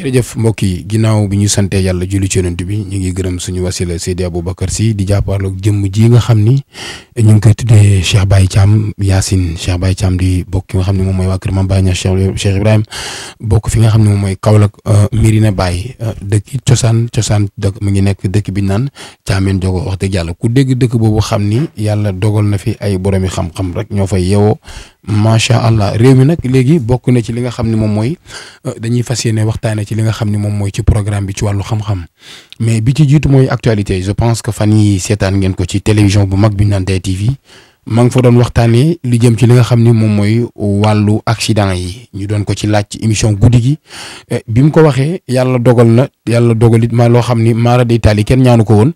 jërëjëf mbokk yi ginnaaw bi ñu santee yàlla julli ci yonent bi ñu ngi gërëm suñu wasila Seydi Aboubacar si di jàppaarloog jëmm ji nga xam ni ñu ngi koy tuddee Cheikh Baye Thiam Yacine Cheikh Baye Thiam di bokk ki nga xam ne moom mooy waa kër Mame Baye Niass Cheikh bokk fi nga xam ne moom mooy Kaolack euh, Mirina Baye euh, dëkk cosaan cosaan dëkk mu ngi nekk dëkk bi naan Thiamène Diogo wax dëgg yàlla ku dégg dëkk boobu xam ni yàlla dogal na fi ay boroomi xam-xam rek ñoo fay yeewoo macha allah réew mi nag léegi bokk na ci li nga xam ne moom mooy euh, dañuy fas yéene waxtaanee ci li nga xam ne moom mooy ci programme bi ci wàllu xam-xam mais bi ci jiitu mooy actualité je pense que fan yi seetaan ngeen ko ci télévision bu mag bi ñu naan tey TV maa ngi fa doon waxtaanee li jëm ci li nga xam ni moom mooy wàllu accident yi ñu doon ko ci laaj ci émission guddi gi eh, bi mu ko waxee yàlla dogal na yàlla dogal it loo xam ni maara day taal yi kenn ñaanu ko woon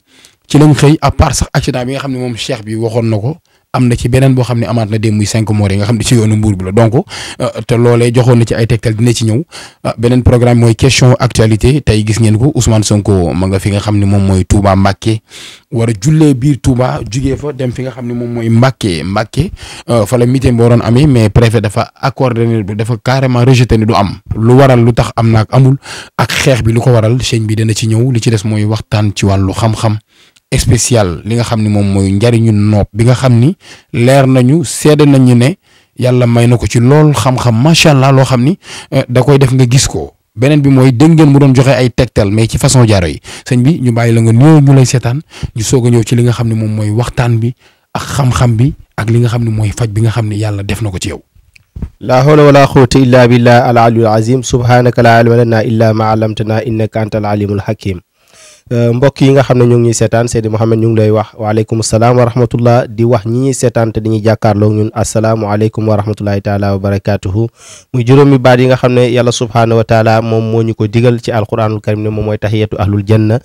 ci lañ xëy à part sax bi nga xam ne moom cheikh bi waxoon na ko. am na ci beneen boo xam ne amaat na demu muy cinq morts yi nga xam ne ci yoonu mbuur bi la donc euh, te loolee joxoon na ci ay tegtal dina ci ñëw euh, beneen programme mooy question actualité tey gis ngeen ko Ousmane Sonko ma nga fi nga xam ne moom mooy Touba Mbacké war a jullee biir Touba juge fa dem fi nga xam ne moom mooy Mbacké Mbacké euh, fa la meeting boo doon amee mais préfet dafa accordé ne dafa carrément rejeté ne du am lu waral lu tax am naak amul ak xeex bi lu ko waral sëñ bi dana ci ñëw li ci des mooy waxtaan ci wàllu xam spécial li nga xam ni moom mooy njariñu nopp bi nga xam ni leer nañu seede nañu ne yàlla may na ko ci lool xam-xam macha allah loo xam ni eh, da koy def nga gis ko beneen bi mooy dégg ngeen mu doon joxe ay tegtal mais ci façon jaaro yi sëñ bi ñu bàyyi la nga nuyoo ñu lay seetaan ñu soog a ñëw ci li nga xam ne moom mooy waxtaan bi ak xam-xam bi ak li nga xam ne mooy faj bi nga xam ne yàlla def na ko ci yaw laa hawla wala quwwata illa billah al aliyyul azim Euh, mbokk yi nga xam ne ñu ngi ñuy seetaan Seydi Mouhamed ñu ngi lay wax waaleykum salaam wa rahmatullah di wax ñi ñuy seetaan te dañuy jàkkaarloo ñun asalaamualeykum wa rahmatullahi taala wa barakaatuhu muy juróomi baat yi nga xam ne yàlla subhaanahu wa taala moom moo ñu ko digal ci alquranul karim ne moom mooy tahiyatu ahlul janna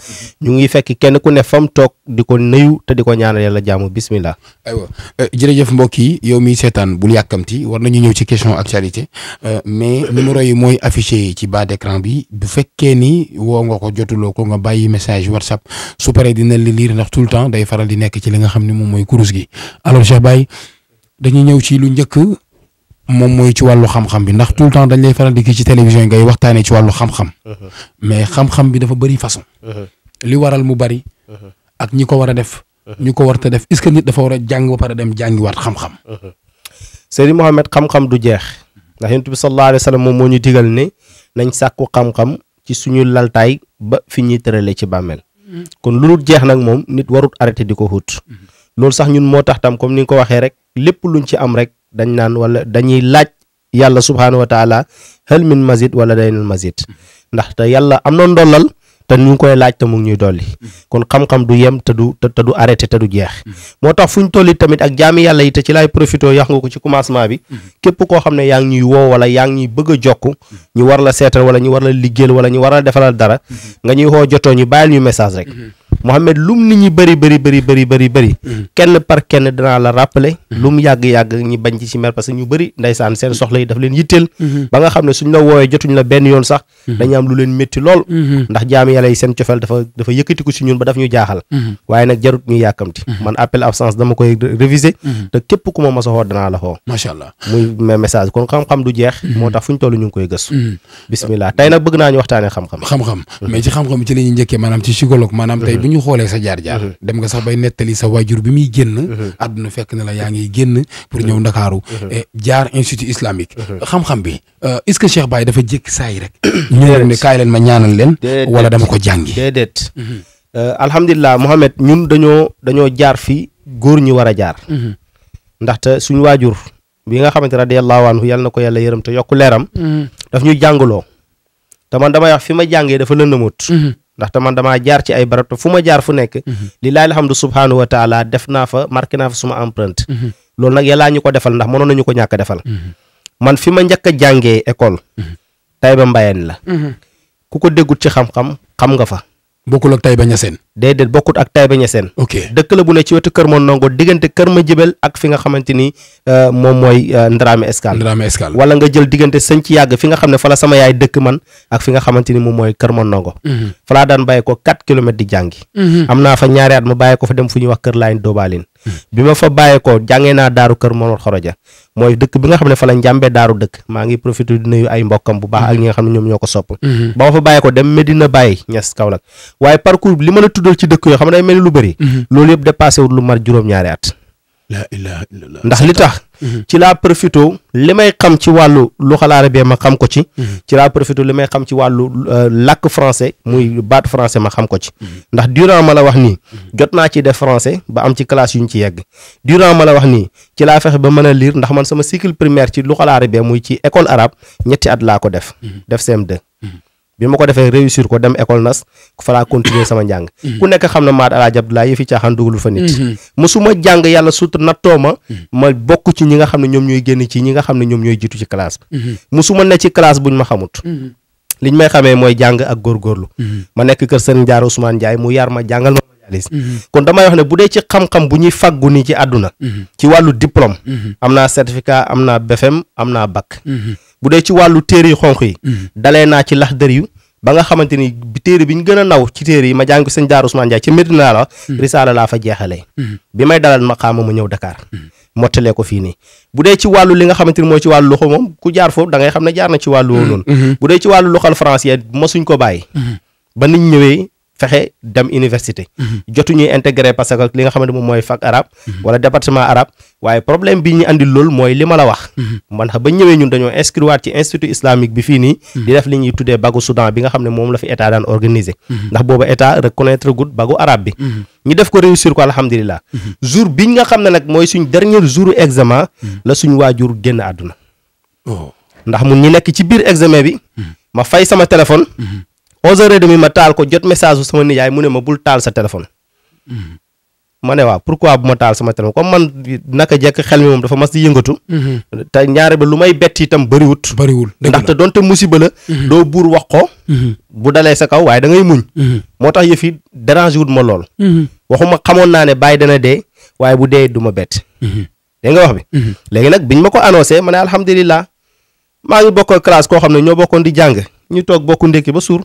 ñu ngi fekk kenn ku ne fam toog di ko nuyu te di ko ñaanal yàlla jàmm bismillah aywa euh, jërëjëf mbokk yi yow miy seetaan bul yàkkamti war nañu ñëw ci question actualité euh, mais numéro yi mooy affiché ci bas d'écran bi du fekkee ni woo nga ko jotuloo ko nga bàyyi message message WhatsApp su paree dina li lire ndax tout temps day faral di nekk ci li nga xam ne moom mooy kurus gi alors Cheikh Baye dañuy ñëw ci lu njëkk moom mooy ci wàllu xam-xam bi ndax tout le temps dañ lay faral di kii ci télévision ngay waxtaanee ci wàllu xam-xam mais xam-xam bi dafa bëri façon li waral mu bëri ak ñi ko war a def ñu ko war ta def est-ce que nit dafa war a jàng ba dem jàngiwaat xam-xam Seydi Mohamed xam du jeex ndax Yonent bi sallallahu alayhi moom moo ñu digal ne nañ sàkku xam-xam ci suñu laltaay ba fi ñuy tëralee ci bàmmeel kon lu dul jeex nag moom nit warut arrêté di ko xut lool sax ñun moo tax tam comme ni nga ko waxee rek lépp luñ ci am rek dañ naan wala dañuy laaj yàlla subhaanahu wa taala hal min mazid wala daynal mazid ndaxte yàlla am na ndollal te ñu koy laaj te mu ngi ñuy dolli kon xam-xam du yem te du te arrêté te du jeex moo tax fu ñu tolli tamit ak jaami yàlla yi te ci laay profité yax nga ko ci commencement bi képp koo xam ne yaa ngi ñuy wow wala yaa ngi ñuy bëgg a jokk ñu war la seetal wala ñu war la liggéeyal wala ñu war la defaral dara nga ñuy woo jotoo ñu bàyyil ñu message rek Mouhamed lum nit ñi bëri bëri bëri bëri bëri bëri mm-hmm. kenn par kenn danaa la rappeler mm-hmm. lu mu yàgg-yàgg ñi bañ ci si mer parce que ñu bëri ndeysaan seen soxla yi daf leen yitteel mm-hmm. ba nga xam ne suñ la woowee jotuñ la benn yoon sax dañu am lu leen métti lool ndax jaami yàlla yi seen cofeel dafa dafa yëkkatiku si ñun ba daf ñu jaaxal waaye nag jarut ñu yàkkamti man appel absence dama koy réviser te képp ku ma mos a xoo danaa la xoo macha allah muy message kon xam-xam du jeex moo tax fu ñu toll ñu ngi koy gëstu bismillah tey nag bëgg naa ñu waxtaanee xam-xam xam-xam mais ci xam-xam ci la ñuy njëkkee maanaam ci psychologue maanaam tey bi ñu xoolee sa jaar-jaar dem nga sax bay nettali sa waajur bi muy génn àdduna fekk na la yaa ngi génn pour ñëw ndakaaru eh, jaar institut islamique xam-xam bi euh, est-ce que Cheikh Baye dafa jékki saa rek ñëw ne kaay leen ma ñaanal leen wala dama ko jàngi déedéet euh, alhamdulilah Mohamed ñun dañoo dañoo jaar fi góor ñi war a jaar ndaxte suñu waajur bi nga xamante radiyallahu anhu yàlla na ko yàlla yërëm te yokku leeram daf ñuy jàngaloo te dama damay fi ma jàngee dafa lëndamut mhm. ndax te man damaa jaar ci ay barab te fu ma jaar fu nekk mhm. lillahi alhamdu subhanahu wa taala def naa fa marqué naa fa suma empreinte mhm. loolu nag yàllaa ñu ko defal ndax mënoon nañu ko ñàkk defal man fi ma njëkk a jàngee école Taïba Mbayeen la ku ko déggut ci xam-xam xam nga fa bokkul ak Taïba Niassène. déedéet bokkut ak Taïba Niassène. ok dëkk la bu ne ci wetu Kër ma Ndongo diggante Kër ma Jëbel ak fi nga xamante ni euh, moom mooy euh, Ndrame Escale. Ndrame Escale wala nga jël diggante sëñ ci yàgg fi nga xam ne fa la sama yaay dëkk man ak fi nga xamante moom mooy Kër ma Ndongo. Mhm. fa laa daan bàyyi ko 4 kilomètres di jàngi. Mhm. am naa fa ñaari ma bàyyi ko fa dem fu ñuy wax Kër Laayeen Dobalin. bi ma fa bàyyeekoo jàngee naa daaru kër Momar Xoroja mooy dëkk bi nga xam ne fa la njàmbe daaru dëkk maa ngi profité di nuyu ay mbokkam bu baax ak ñi nga xam ne ñoom ñoo ko sopp mhm. ba ma fa bàyyeekoo dem Medina Baye Niass Kaolack waaye parcours bi li ma a tuddal ci dëkk yoo xam ne day mel ni lu bëri mhm. loolu yëpp dépassé wul lu mat juróom-ñaari at ndax li tax mm-hmm. ci laa profito li may xam ci wàllu lu xalaare bee ma xam ko ci mm-hmm. ci laa profito li may xam ci wàllu euh, lakk français muy mm-hmm. baat français ma xam ko ci ndax durant ma la wax nii jot naa ci def français ba am ci classe yu ñu ci yegg durant ma la wax nii ci laa fexe ba mën a liir ndax man sama cycle primaire ci lu xalaare bee muy ci école arabe ñetti at laa ko def def CM2 bi ma ko defee réussir ko dem école nas fa laa continuer sama njàng mm-hmm. ku nekk xam na maat alaaji Abdoulaye yëfi caaxaan dugalul fa nit musuma mm-hmm. jàng yàlla sut nattoo ma mm-hmm. ma bokk ci ñi nga xam ne ñoom ñooy génn ci ñi nga xam ne ñoom ñooy jiitu ci classe bi musuma ne ci classe buñ ma xamut liñ may xamee mooy jàng ak góorgóorlu ma nekk kër sëriñ Njaar Ousmane Ndiaye mu yar ma jàngal ma kon damay wax ne bu dee ci xam-xam bu ñuy fàggu nii ci àdduna ci wàllu diplôme naa certificat am bu dee ci wàllu téere yu xonq yi mm-hmm. dalee naa ci lax dër yu ba nga xamante ni téere bi ñu gën a naw ci téere yi ma jàng ko sëñ Daaru Ousmane Ndiaye ci Medina la mm-hmm. risaala laa fa jeexalee mm-hmm. bi may dalal maqaama mu ñëw Dakar mottalee ko fii nii bu dee ci wàllu li nga xamante ni mooy ci wàllu loxo moom ku jaar foofu da ngay xam ne jaar na ci wàllu woo noonu bu dee ci wàllu loxal français mosuñ ko bàyyi ba niñ ñëwee fexe dem université. Mhm. jotuñuy intégré parce que li nga xamante moom mooy fac arabe. Mhm. wala département arabe. waaye problème bi ñu andi loolu mooy li la wax. Mhm. man ba ñëwee ñun dañoo inscrire ci institut islamique bi fii nii. di def li ñuy tuddee bagu Soudan bi nga xam ne moom la fi état daan organiser. ndax booba état reconnaître gud bagu arabe bi. ñu def ko réussir ko alhamdulilah. jour bi nga xam ne nag mooy suñ dernier jour examen. la suñ waajur onze heures et demie ma taal ko jot message bu sama nijaay mu ne ma bul taal sa téléphone. Mm-hmm. ma ne waaw quoi bu ma taal sama téléphone comme man naka jekk xel mi moom dafa ma di yëngatu. Mm-hmm. te ñaare ba lu may bett itam bëriwut. bëriwul ndaxte donte musiba la. Mm-hmm. doo buur wax ko. bu dalee sa kaw waaye da ngay muñ. moo tax yëf yi dérange wut ma lool. waxuma xamoon naa ne bàyyi dana dee waaye bu dee du ma bett. dégg nga wax bi. léegi nag biñ ma ko annoncé ma ne alhamdulilah maa ngi bokk classe koo xam ne ñoo bokkoon di jàng ñu toog bokku ndékki ba suur.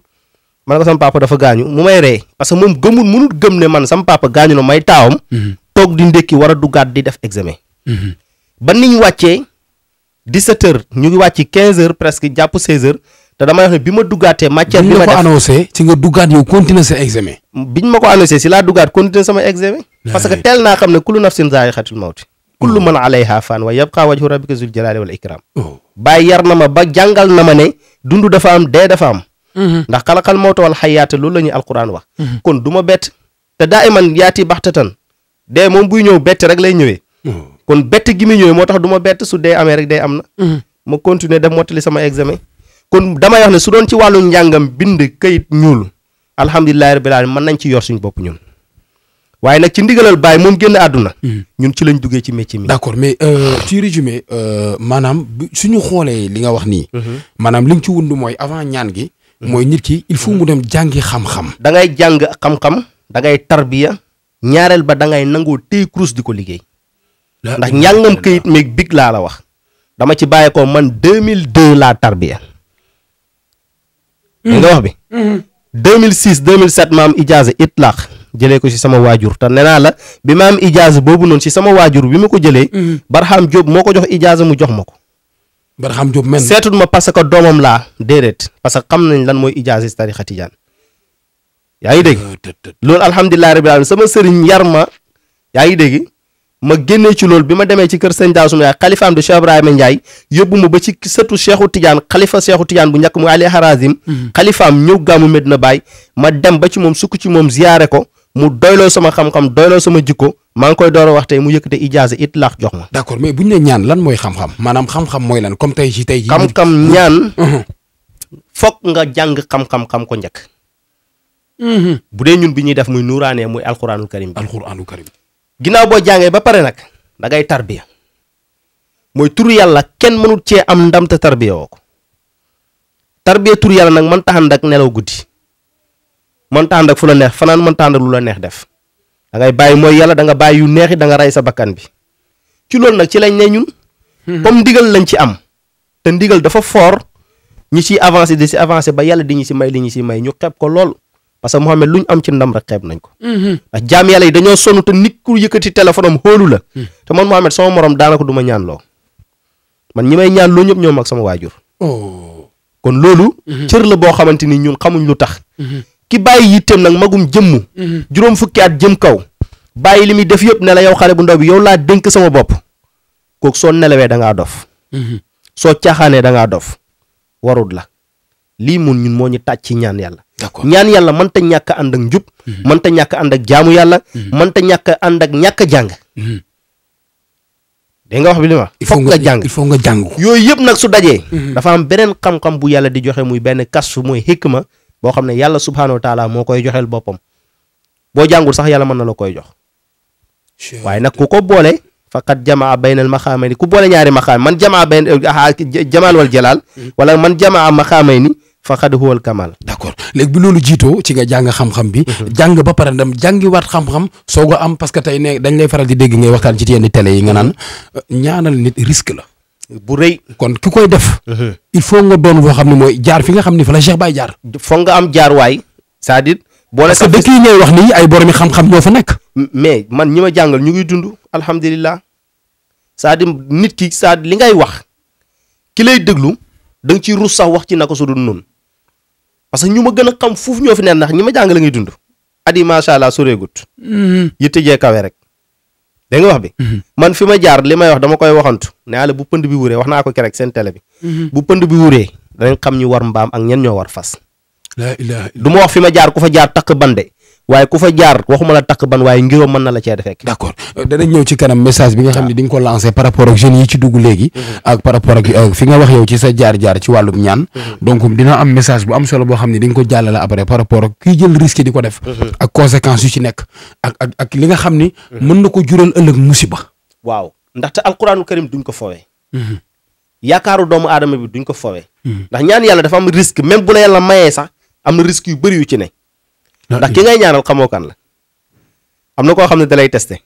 man ko sama papa dafa gaañu mu may ree parce que moom gëmul mënul gëm ne man sama papa gaañu na may taawam. Mhm. toog di ndékki war a duggaat di def examen. Mhm. ba niñ wàccee 17 heures ñu ngi wàcc 15 heures presque jàpp 16 heures te damay wax ne bi ma duggaatee matière bi ma def ko annoncé ci nga duggaat yow continuer sa examen. biñ ma ko annoncé si laa duggaat continuer sama examen. parce que teel naa xam ne kullu nafsin zaa'iqatul mawti kullu mhm. man alayha fan wa yabqa wajhu rabbika zul jalali wal ikram. Oh. bàyyi yar na ma ba jàngal na ma ne dund dafa am dee dafa am. Mm-hmm. ndax xalaqal mawta wal xayaata loolu la ñuy alquran wax mm-hmm. kon du ma bett te daa iman yaati baxtatan dee moom buy ñëw bett rek lay ñëwee oh. kon bett gi muy moo tax du ma bett su dee amee rek day am na mm-hmm. ma continuer def mottali sama examen kon damay wax ne su doon ci wàllu njàngam bind kayit ñuul alhamdulilahi rabbil alamin mën nañ ci yor suñ bopp ñun waaye nag ci ndigalal baay moom génn àdduna. ñun ci lañ duggee ci métier mi. d' accord mais euh, ci résumé euh, maanaam suñu xoolee li nga wax nii. maanaam li ci wund mooy avant ñaan gi. mooy nit ki il faut mu dem jàngi xam-xam. da ngay jàng xam-xam da ngay tarbiya ñaareel ba da ngay nangoo téye kurus di ko liggéey. ndax njàngam kayit meeg big laa la wax. dama ci bàyyi ko man 2002 laa tarbiya. li hmm. nga wax bi. 2006 2007 maam ijaaza itlaax jëlee ko ci sama waajur te nee naa la bi maam ijaaza boobu noonu ci sama waajur bi ma ko jëlee. Hmm. Barham Diop moo ko jox ijaaza mu jox ma ko. Barham Diop men seetut ma parce que doomam laa déedéet parce que xam nañ lan mooy ijaasis tarixa tijaan yaa ngi dégg ah, loolu alhamdulilah rabbil alamin sama sëriñ yar ma yaa ngi dégg ma génnee ci loolu bi ma demee ci kër sëñ Daaw sunu yaay xalifaam di Cheikh Ibrahima ma ba ci sëtu Cheikhu Tidiane xalifa Cheikhu Tidiane bu njëkk mu Ali Harazim mhm. xalifaam ñëw gàmmu Medina Baye ma dem ba ci moom sukk ci moom ziyaare ko mu doyloo sama xam-xam doyloo sama jikko maa ngi koy door a wax tey mu yëkkate ijaasa it laax jox ma. d'accord mais bu ñu ne ñaan lan mooy xam-xam maanaam xam-xam mooy lan comme tey jii tey xam ñaan. Uh-huh. foog nga jàng xam-xam ko njëkk. Uh-huh. bu dee ñun bi ñuy def muy nuuraanee muy alxuraanul karim bi. alxuraanul karim. ginnaaw boo jàngee ba pare nag da ngay tarbiya mooy tur yàlla kenn mënul cee am ndam te tarbiya woo ko tarbiya tur yàlla nag man taxan ak nelaw guddi. mën tànd ak fu la neex fanaan mën tànd ak lu la neex def da ngay bàyyi mooy yàlla da nga bàyyi yu neex yi rey sa bakkan bi ci loolu nag ci lañ ne ñun hmm. comme ndigal lañ ci am te ndigal dafa fort ñi ciy avancé di si avancé ba yàlla di ñu si may li ñu si may ñu xeeb ko lool parce que Mouhamed lu ñu am ci ndam rek xeeb nañ ko hmm. ndax jaam yàlla yi dañoo sonn te nit ku yëkkati téléphone am la hmm. te man Mouhamed sama morom daanaka du ma ñaan loo man ñi may ñaan loo ñëpp ñoo mag sama waajur oh. kon loolu cër la boo xamante ni ñun xamuñ lu tax ki bàyyi yitteem nag magum jëmm mhm. juróom fukki at jëm kaw bàyyi li muy def yëpp ne yow xale bu ndaw bi yow laa dënk sama bopp kooku soo nelawee dangaa dof mhm. soo caaxaanee dangaa dof warut la lii mun ñun moo ñu tàcc ci ñaan yàlla ñaan yàlla mënta ñàkk ànd ak njub mhm. mënta ñàkk ànd ak jaamu yàlla mënta ñàkk ànd ak ñàkk jàng dégg nga wax bi li ma foog nga il faut nga jàng yooyu yëpp nag su dajee dafa am beneen xam-xam bu yàlla di joxe muy benn kastu mooy mooy ma boo xam ne yàlla subhaanahu wa moo koy joxeel boppam boo jàngul sax yàlla mën na la koy jox waaye nag ku ko boole faqat jamaa baynal maxaamay ni ku boole ñaari maxaam man jamaa bayn ah, ah, jamaal wal jalaal wala man jamaa maxaamay ni faqad huwal kamal d'accord léegi bi loolu jiitoo ci nga jàng xam-xam bi mhm. jàng ba pare dem jàngiwaat xam-xam soog a am parce que tey ne dañ lay faral di dégg ngay waxtaan ci yenn tele yi nga naan euh, ñaanal nit risque la bu rëy kon ki koy def. il faut nga doon boo xam ne mooy jaar fi nga xam ne fa la Cheikh Baye jaar. foog nga am jaar waay c'est-à-dire. boole parce que dëkk yi ngay wax nii ay boromi xam-xam ñoo fa nekk. mais man ñi ma jàngal ñu ngi dund alhamdulilah cest nit ki cest à li ngay wax ki lay déglu da nga ciy ruus sax wax ci naka su dul noonu parce que ñu ma gën a xam fuuf ñoo fi ne ndax ñi ma jàngal ngay dund. adi yi macha allah soreegut. yitte jee kawe rek. dégg nga wax bi. Mhm. man fi ma jaar li may wax dama koy waxantu nee la bu pënd bi wuree wax naa ko kerek seen télé bi. Mhm. bu pënd bi wuree danañ xam ñu war mbaam ak ñen ñoo war fas. du ma wax fi ma jaar ku fa jaar takk bande waaye ku fa jaar waxuma la takk ban waaye ngiroo mën na la cee fekk. d' accord euh, danañ ñëw ci kanam message bi nga xam ne ah. di nga ko lancé par rapport ak jeunes yi ci dugg léegi. Mhm. ak par rapport ak euh, fi nga wax yow ci sa jaar-jaar ci wàllum ñaan. Mhm. donc dina am message bu am solo boo xam ne di ko jàllale après par rapport ak kiy jël risque di ko def. Mhm. ak conséquences yu ci nekk. ak li nga xam ni. mën na ko jural ëllëg musiba. waaw ndaxte alquraanul karim duñ ko foowee. yaakaaru doomu aadama bi duñ ko foowee. ndax ñaan yàlla dafa am risque même bu la yàlla mayee am na yu bëri yu ci ne ndax ki ngay ñaanal xamoo kan la am na koo xam ne dalay testé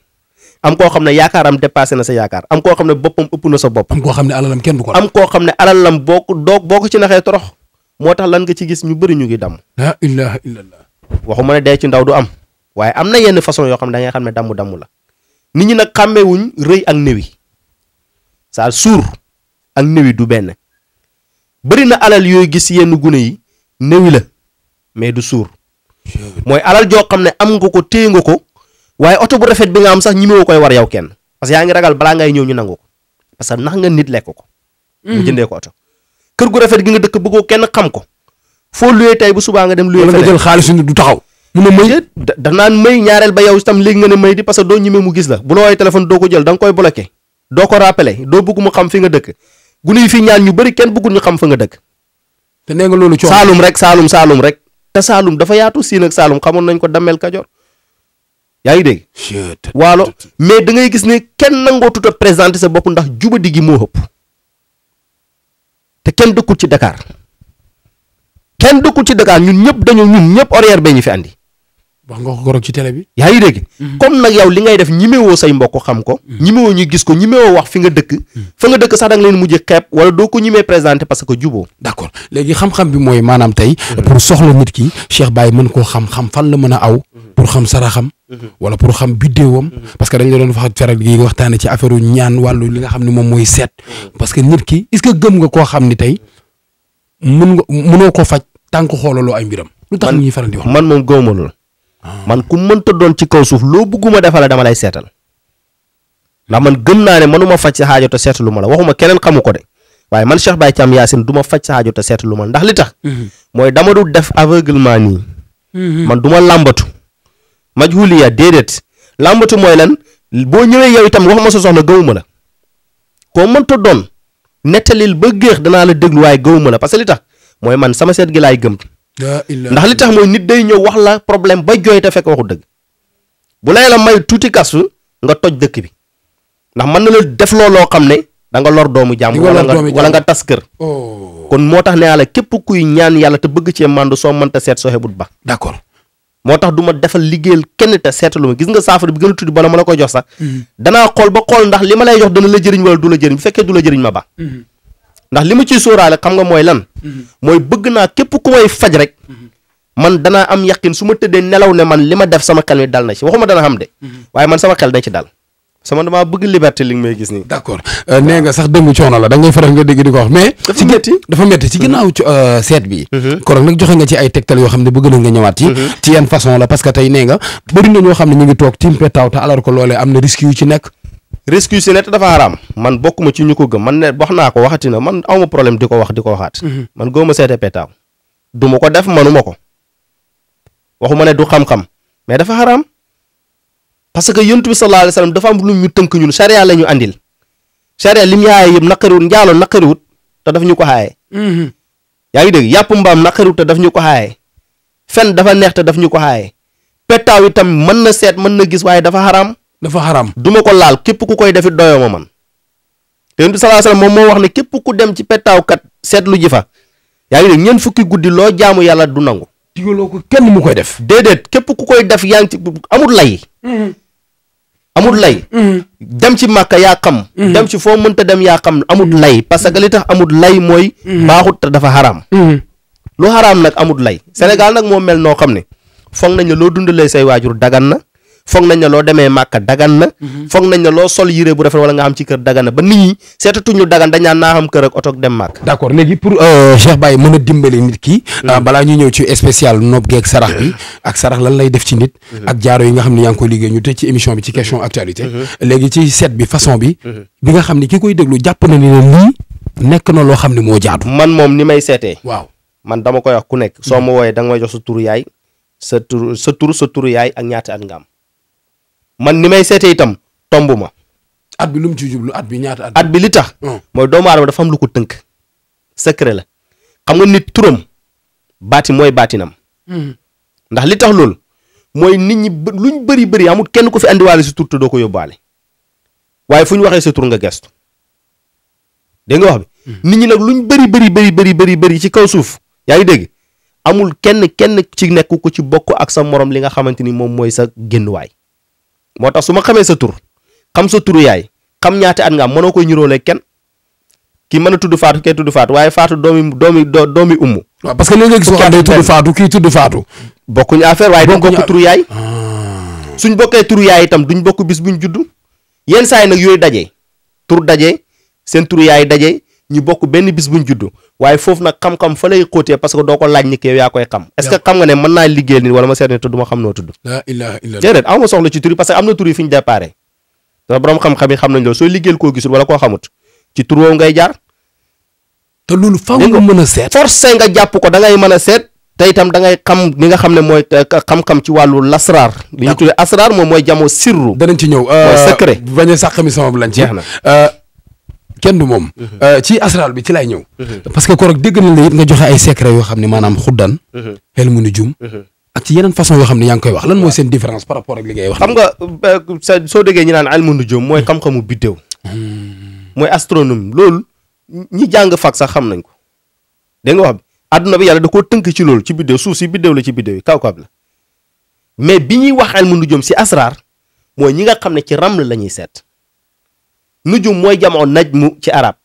am koo xam ne yaakaaram dépassé na sa yaakaar am koo xam ne boppam ëpp na sa bopp. am koo xam ne alalam kenn du ko am koo xam ne alalam boo ko doo boo ci naxee torox moo tax lan nga ci gis ñu bëri ñu ngi damm. la ilaha illallah. waxuma ne dee ci ndaw du am waaye am na yenn façon yoo xam ne da ngay xam ne damm damm la nit ñi nag xàmmeewuñ rëy ak néwi saa suur ak néwi du benn bëri na alal yooyu gis yenn gune yi néwi la mais du suur. mooy alal joo xam ne am nga ko téye nga ko waaye oto bu rafet bi nga am sax ñi mewu koy war yow kenn parce que yaa ngi ragal balaa ngay ñëw ñu nangu ko parce que nax nga nit lekk ko. mu mm-hmm. jëndee ko oto. kër gu rafet gi nga dëkk bëggoo kenn xam ko foo luyee tey bu subaa nga dem. luyee jël xaalis nit du taxaw. mu ne may danaan may ñaareel ba yow itam léegi nga ne may parce que doo ñime mu gis la bu la woowee téléphone doo ko jël koy bloqué doo ko rappelé doo bëgg mu xam fi nga dëkk gune yi fi ñaan ñu bëri kenn bëggul ñu xam fa nga dëkk. te nee nga loolu coono saalum rek saalum saalum rek te Saalum dafa yaatu Siin ak Saalum xamoon nañ ko Damel Kajoor yaa ngi dégg. waalo mais da ngay gis ne kenn nangoo tut a sa boppu ndax jubadi gi moo ëpp te kenn dëkkul ci dakaar kenn dëkkul ci Dakar ñun ñëpp dañoo ñun ñëpp horaire bee ñu fi andi. wax nga ko goroog ci télé bi. yaa ngi dégg. Mm-hmm. comme nag yow li ngay def ñimewoo say mbokk xam ko. Mm-hmm. ñimewoo ñu gis ko ñimewoo wax fi nga dëkk. Mm-hmm. fa nga dëkk sax da leen mujj xeeb wala doo ko ñimee présenté parce que juboo d' accord léegi xam-xam bi mooy maanaam tey. pour soxla nit ki Cheikh baay mën koo xam-xam fan la mën a aw. pour xam saraxam. wala pour xam biddéewam. parce que dañ la doon wax ak feral gi waxtaanee ci affaire ñaan wàllu li nga xam ne moom mooy seet. parce que nit ki est ce nga koo xam ni tey mën nga mënoo ko faj tànk xoolaloo ay mbiram. lu tax ñuy faral wax man moom gëmuma loolu man ku mënta doon ci kaw suuf loo bëgguma defal dama lay seetal ndax man gën naa ne mënuma faj sa xaajo te seetalu ma la waxuma keneen xamu ko de waaye man Cheikh Baye Thiam Yacine du ma faj sa xaajo te seetalu ma la ndax li tax mhm. mooy dama dul def aveuglement nii mhm. man duma ma làmbatu majhuliya déedéet làmbatu mooy len boo ñëwee yow itam waxuma sa soxna gëwuma la koo mënta doon nettalil ba géex danaa la déglu waaye gëwuma la parce que li tax mooy man sama seet gi laay gëm ndax li tax mooy nit day ñëw wax la problème ba jooy te fekk waxu dëgg bu lay la may tuuti kasu nga toj dëkk bi ndax mën na la def looloo xam ne danga lor doomu jàmm wala nga tas kër oh. kon moo tax ne la képp kuy ñaan yàlla te bëgg cee màndu soo mënta seet soo xebut ba d'accord moo tax du ma defal liggéeyal kenn te seetalu gis nga saafara bi gën a tudd bala ma la ko jox sax mm-hmm. danaa xool ba xool ndax li ma lay jox dana la jëriñ wala du la jëriñ bu fekkee du la jëriñ ma ba mm-hmm. ndax li ma ciy sóoraale xam nga mooy lan. Mhm. mooy bëgg naa képp ku may faj rek. Mhm. man danaa am yaqin su ma tëddee nelaw ne man li ma def sama xel mi dal na ci waxuma dana xam de. Mhm. waaye man sama xel dañ ci dal. sama damaa bëgg liberté li nga may gis nii. d'accord euh, nee nga sax dëngu coono la da ngay faral nga dégg di ko wax dafa métti ci ginnaaw euh, seet bi. kon nag joxe nga ci ay tegtal yoo xam ne bëgg na nga ñëwaat ci. ci yan façon la parce que tey nee nga bëri na ñoo xam ne ñu ngi toog tiim petaaw te alors que loolee am na risque yu ci nekk. rescoussé ne te dafa araam man bokkuma ci ñu ko gëm man ne wax naa ko waxati na man awma problème di ko wax di ko waxaat. Mhm. man góoma seete petaaw du ma ko def manuma ko waxuma ne du xam-xam mais dafa araam parce que yonent bi sallallahu alayhi wa sallam dafa am lu ñu tënk ñun charia la ñu andil charia lim yaayee yëpp naqariwut njaaloo naqariwut te daf ñu ko xaayee. Mhm. yaa ngi dégg yàpp mbaam naqariwut te daf ñu ko xaayee fen dafa neex te daf ñu ko xaayee petaaw itam mën na seet mën na gis waaye dafa araam. dafa xaram duma ko laal képp ku koy defit doyoo ma man te yonent bi sallallahu moom moo wax ne képp ku dem ci pettaawkat seetlu ji fa yaa ngi dégg ñeent fukki guddi loo jaamu yàlla du nangu. digaloo ko kenn mu koy def. déedéet képp ku koy def yaa ngi ci amul lay. Mm-hmm. amul lay. Mm-hmm. dem ci màkka yaa xam. Mm-hmm. dem ci foo mënta dem yaa xam amul lay parce que li tax amul lay mooy. baaxut te dafa xaraam. lu xaraam nag amul lay. Sénégal nag moo mel noo xam ne foog nañ ne loo dundalee say waajur dagan na. foog nañ ne loo demee màkka dagan na mhm. foog nañ ne loo sol yére bu rafet wala nga am ci kër dagan na ba nit ñi seetatuñu dagan dañ naan naa xam kër ak oto dem màkk d' accord léegi pour euh, Cheikh Baye mën a dimbali nit ki euh, mm. balaa ñu ñëw ci spécial nopp geek sarax bi ak sarax lan lay def ci nit mm-hmm. ak jaaro yi nga xam ne yaa ngi koy liggéey ñu tëj ci émission bi ci question mm-hmm. actualité mm-hmm. léegi ci seet bi façon bi bi nga xam ne ki koy déglu jàpp na ne nekk na loo xam ne moo jaadu man moom ni may seetee waaw man dama koy wax ku nekk soo ma wooyee da nga may jox sa turu yaay sa tur sa tur sa ñaata at man ni may seete itam tomb ma. at bi lu mu ci jublu at bi ñaata at. bi li tax. Oh. mooy doomu aadama dafa am lu ko tënk. secret la xam nga nit turam baati mooy nam hmm. ndax li tax loolu mooy nit ñi luñ bëri bëri amul kenn ku fi andiwaale si tur doo ko yóbbaale waaye fu ñu waxee sa tur nga gestu dégg nga wax hmm. nit ñi nag luñ bëri bëri bëri bëri bëri bëri ci kaw suuf yaa ngi dégg amul kenn kenn ci nekk ku ci bokk ak sa morom li nga xamante ni moom mooy sa génnuwaay. moo tax su ma xamee sa tur xam sa turu yaay xam ñaata at nga am mënoo koy ñuróolee kenn kii mën a tudd faatu kee tudd faatu waaye faatu doomi doomi doomi ummu. waaw parce que léegi nga gis wax day tudd faatu kii tudd faatu. bokkuñu affaire waaye duñ bokk turu yaay. Ah. suñ bokkee turu yaay itam duñ bokk bis buñ juddu yenn saa yi nag yooyu dajee tur daje seen turu yaay daje ñu bokk benn bis buñ juddu waaye foofu nag xam-xam fa lay xóotee parce que doo ko laaj ni yow yaa koy xam est-ce nga ne mën naa liggéeyal nit wala ma seet ne tudd ma xam noo tudd laa ilaaha ci tur yi parce que na tur yi fi ñu déparé sa borom xam-xam yi xam nañ loolu sooy koo gisul wala koo xamut ci tur woowu ngay jaar te loolu faw nga mën a seet forcé jàpp ko da ngay mën a seet te itam da ngay xam li nga xam ne mooy euh, xam ci wàllu lasraar li ñu tuddee moom mooy jamoo sirru danañ ci ñëw secret euh, ba a sàq mi lañ ci jeex na euh, kenn du moom. Euh, ci asraal bi ci laay ñëw. parce que koroog dégg nañ la it nga joxe ay secret yoo xam ne maanaam xuddan. xel mu nu jum. ak ci yeneen façon yoo xam ne yaa ngi koy wax lan mooy seen différence par rapport ak li ngay nga euh, sa soo déggee ñu naan almu nu jum mooy mmh. xam-xamu biddéew. Mmh. mooy astronomie loolu ñi jàng faak sax xam nañ ko. dégg nga wax bi bi yàlla da koo tënk ci loolu ci biddéew suuf si biddéew la ci biddéew yi kaw kaw la mais bi ñuy wax almu nu jum si asraar mooy ñi nga xam ne ci raml la ñuy seet nujum mooy jamoo najmu ci arab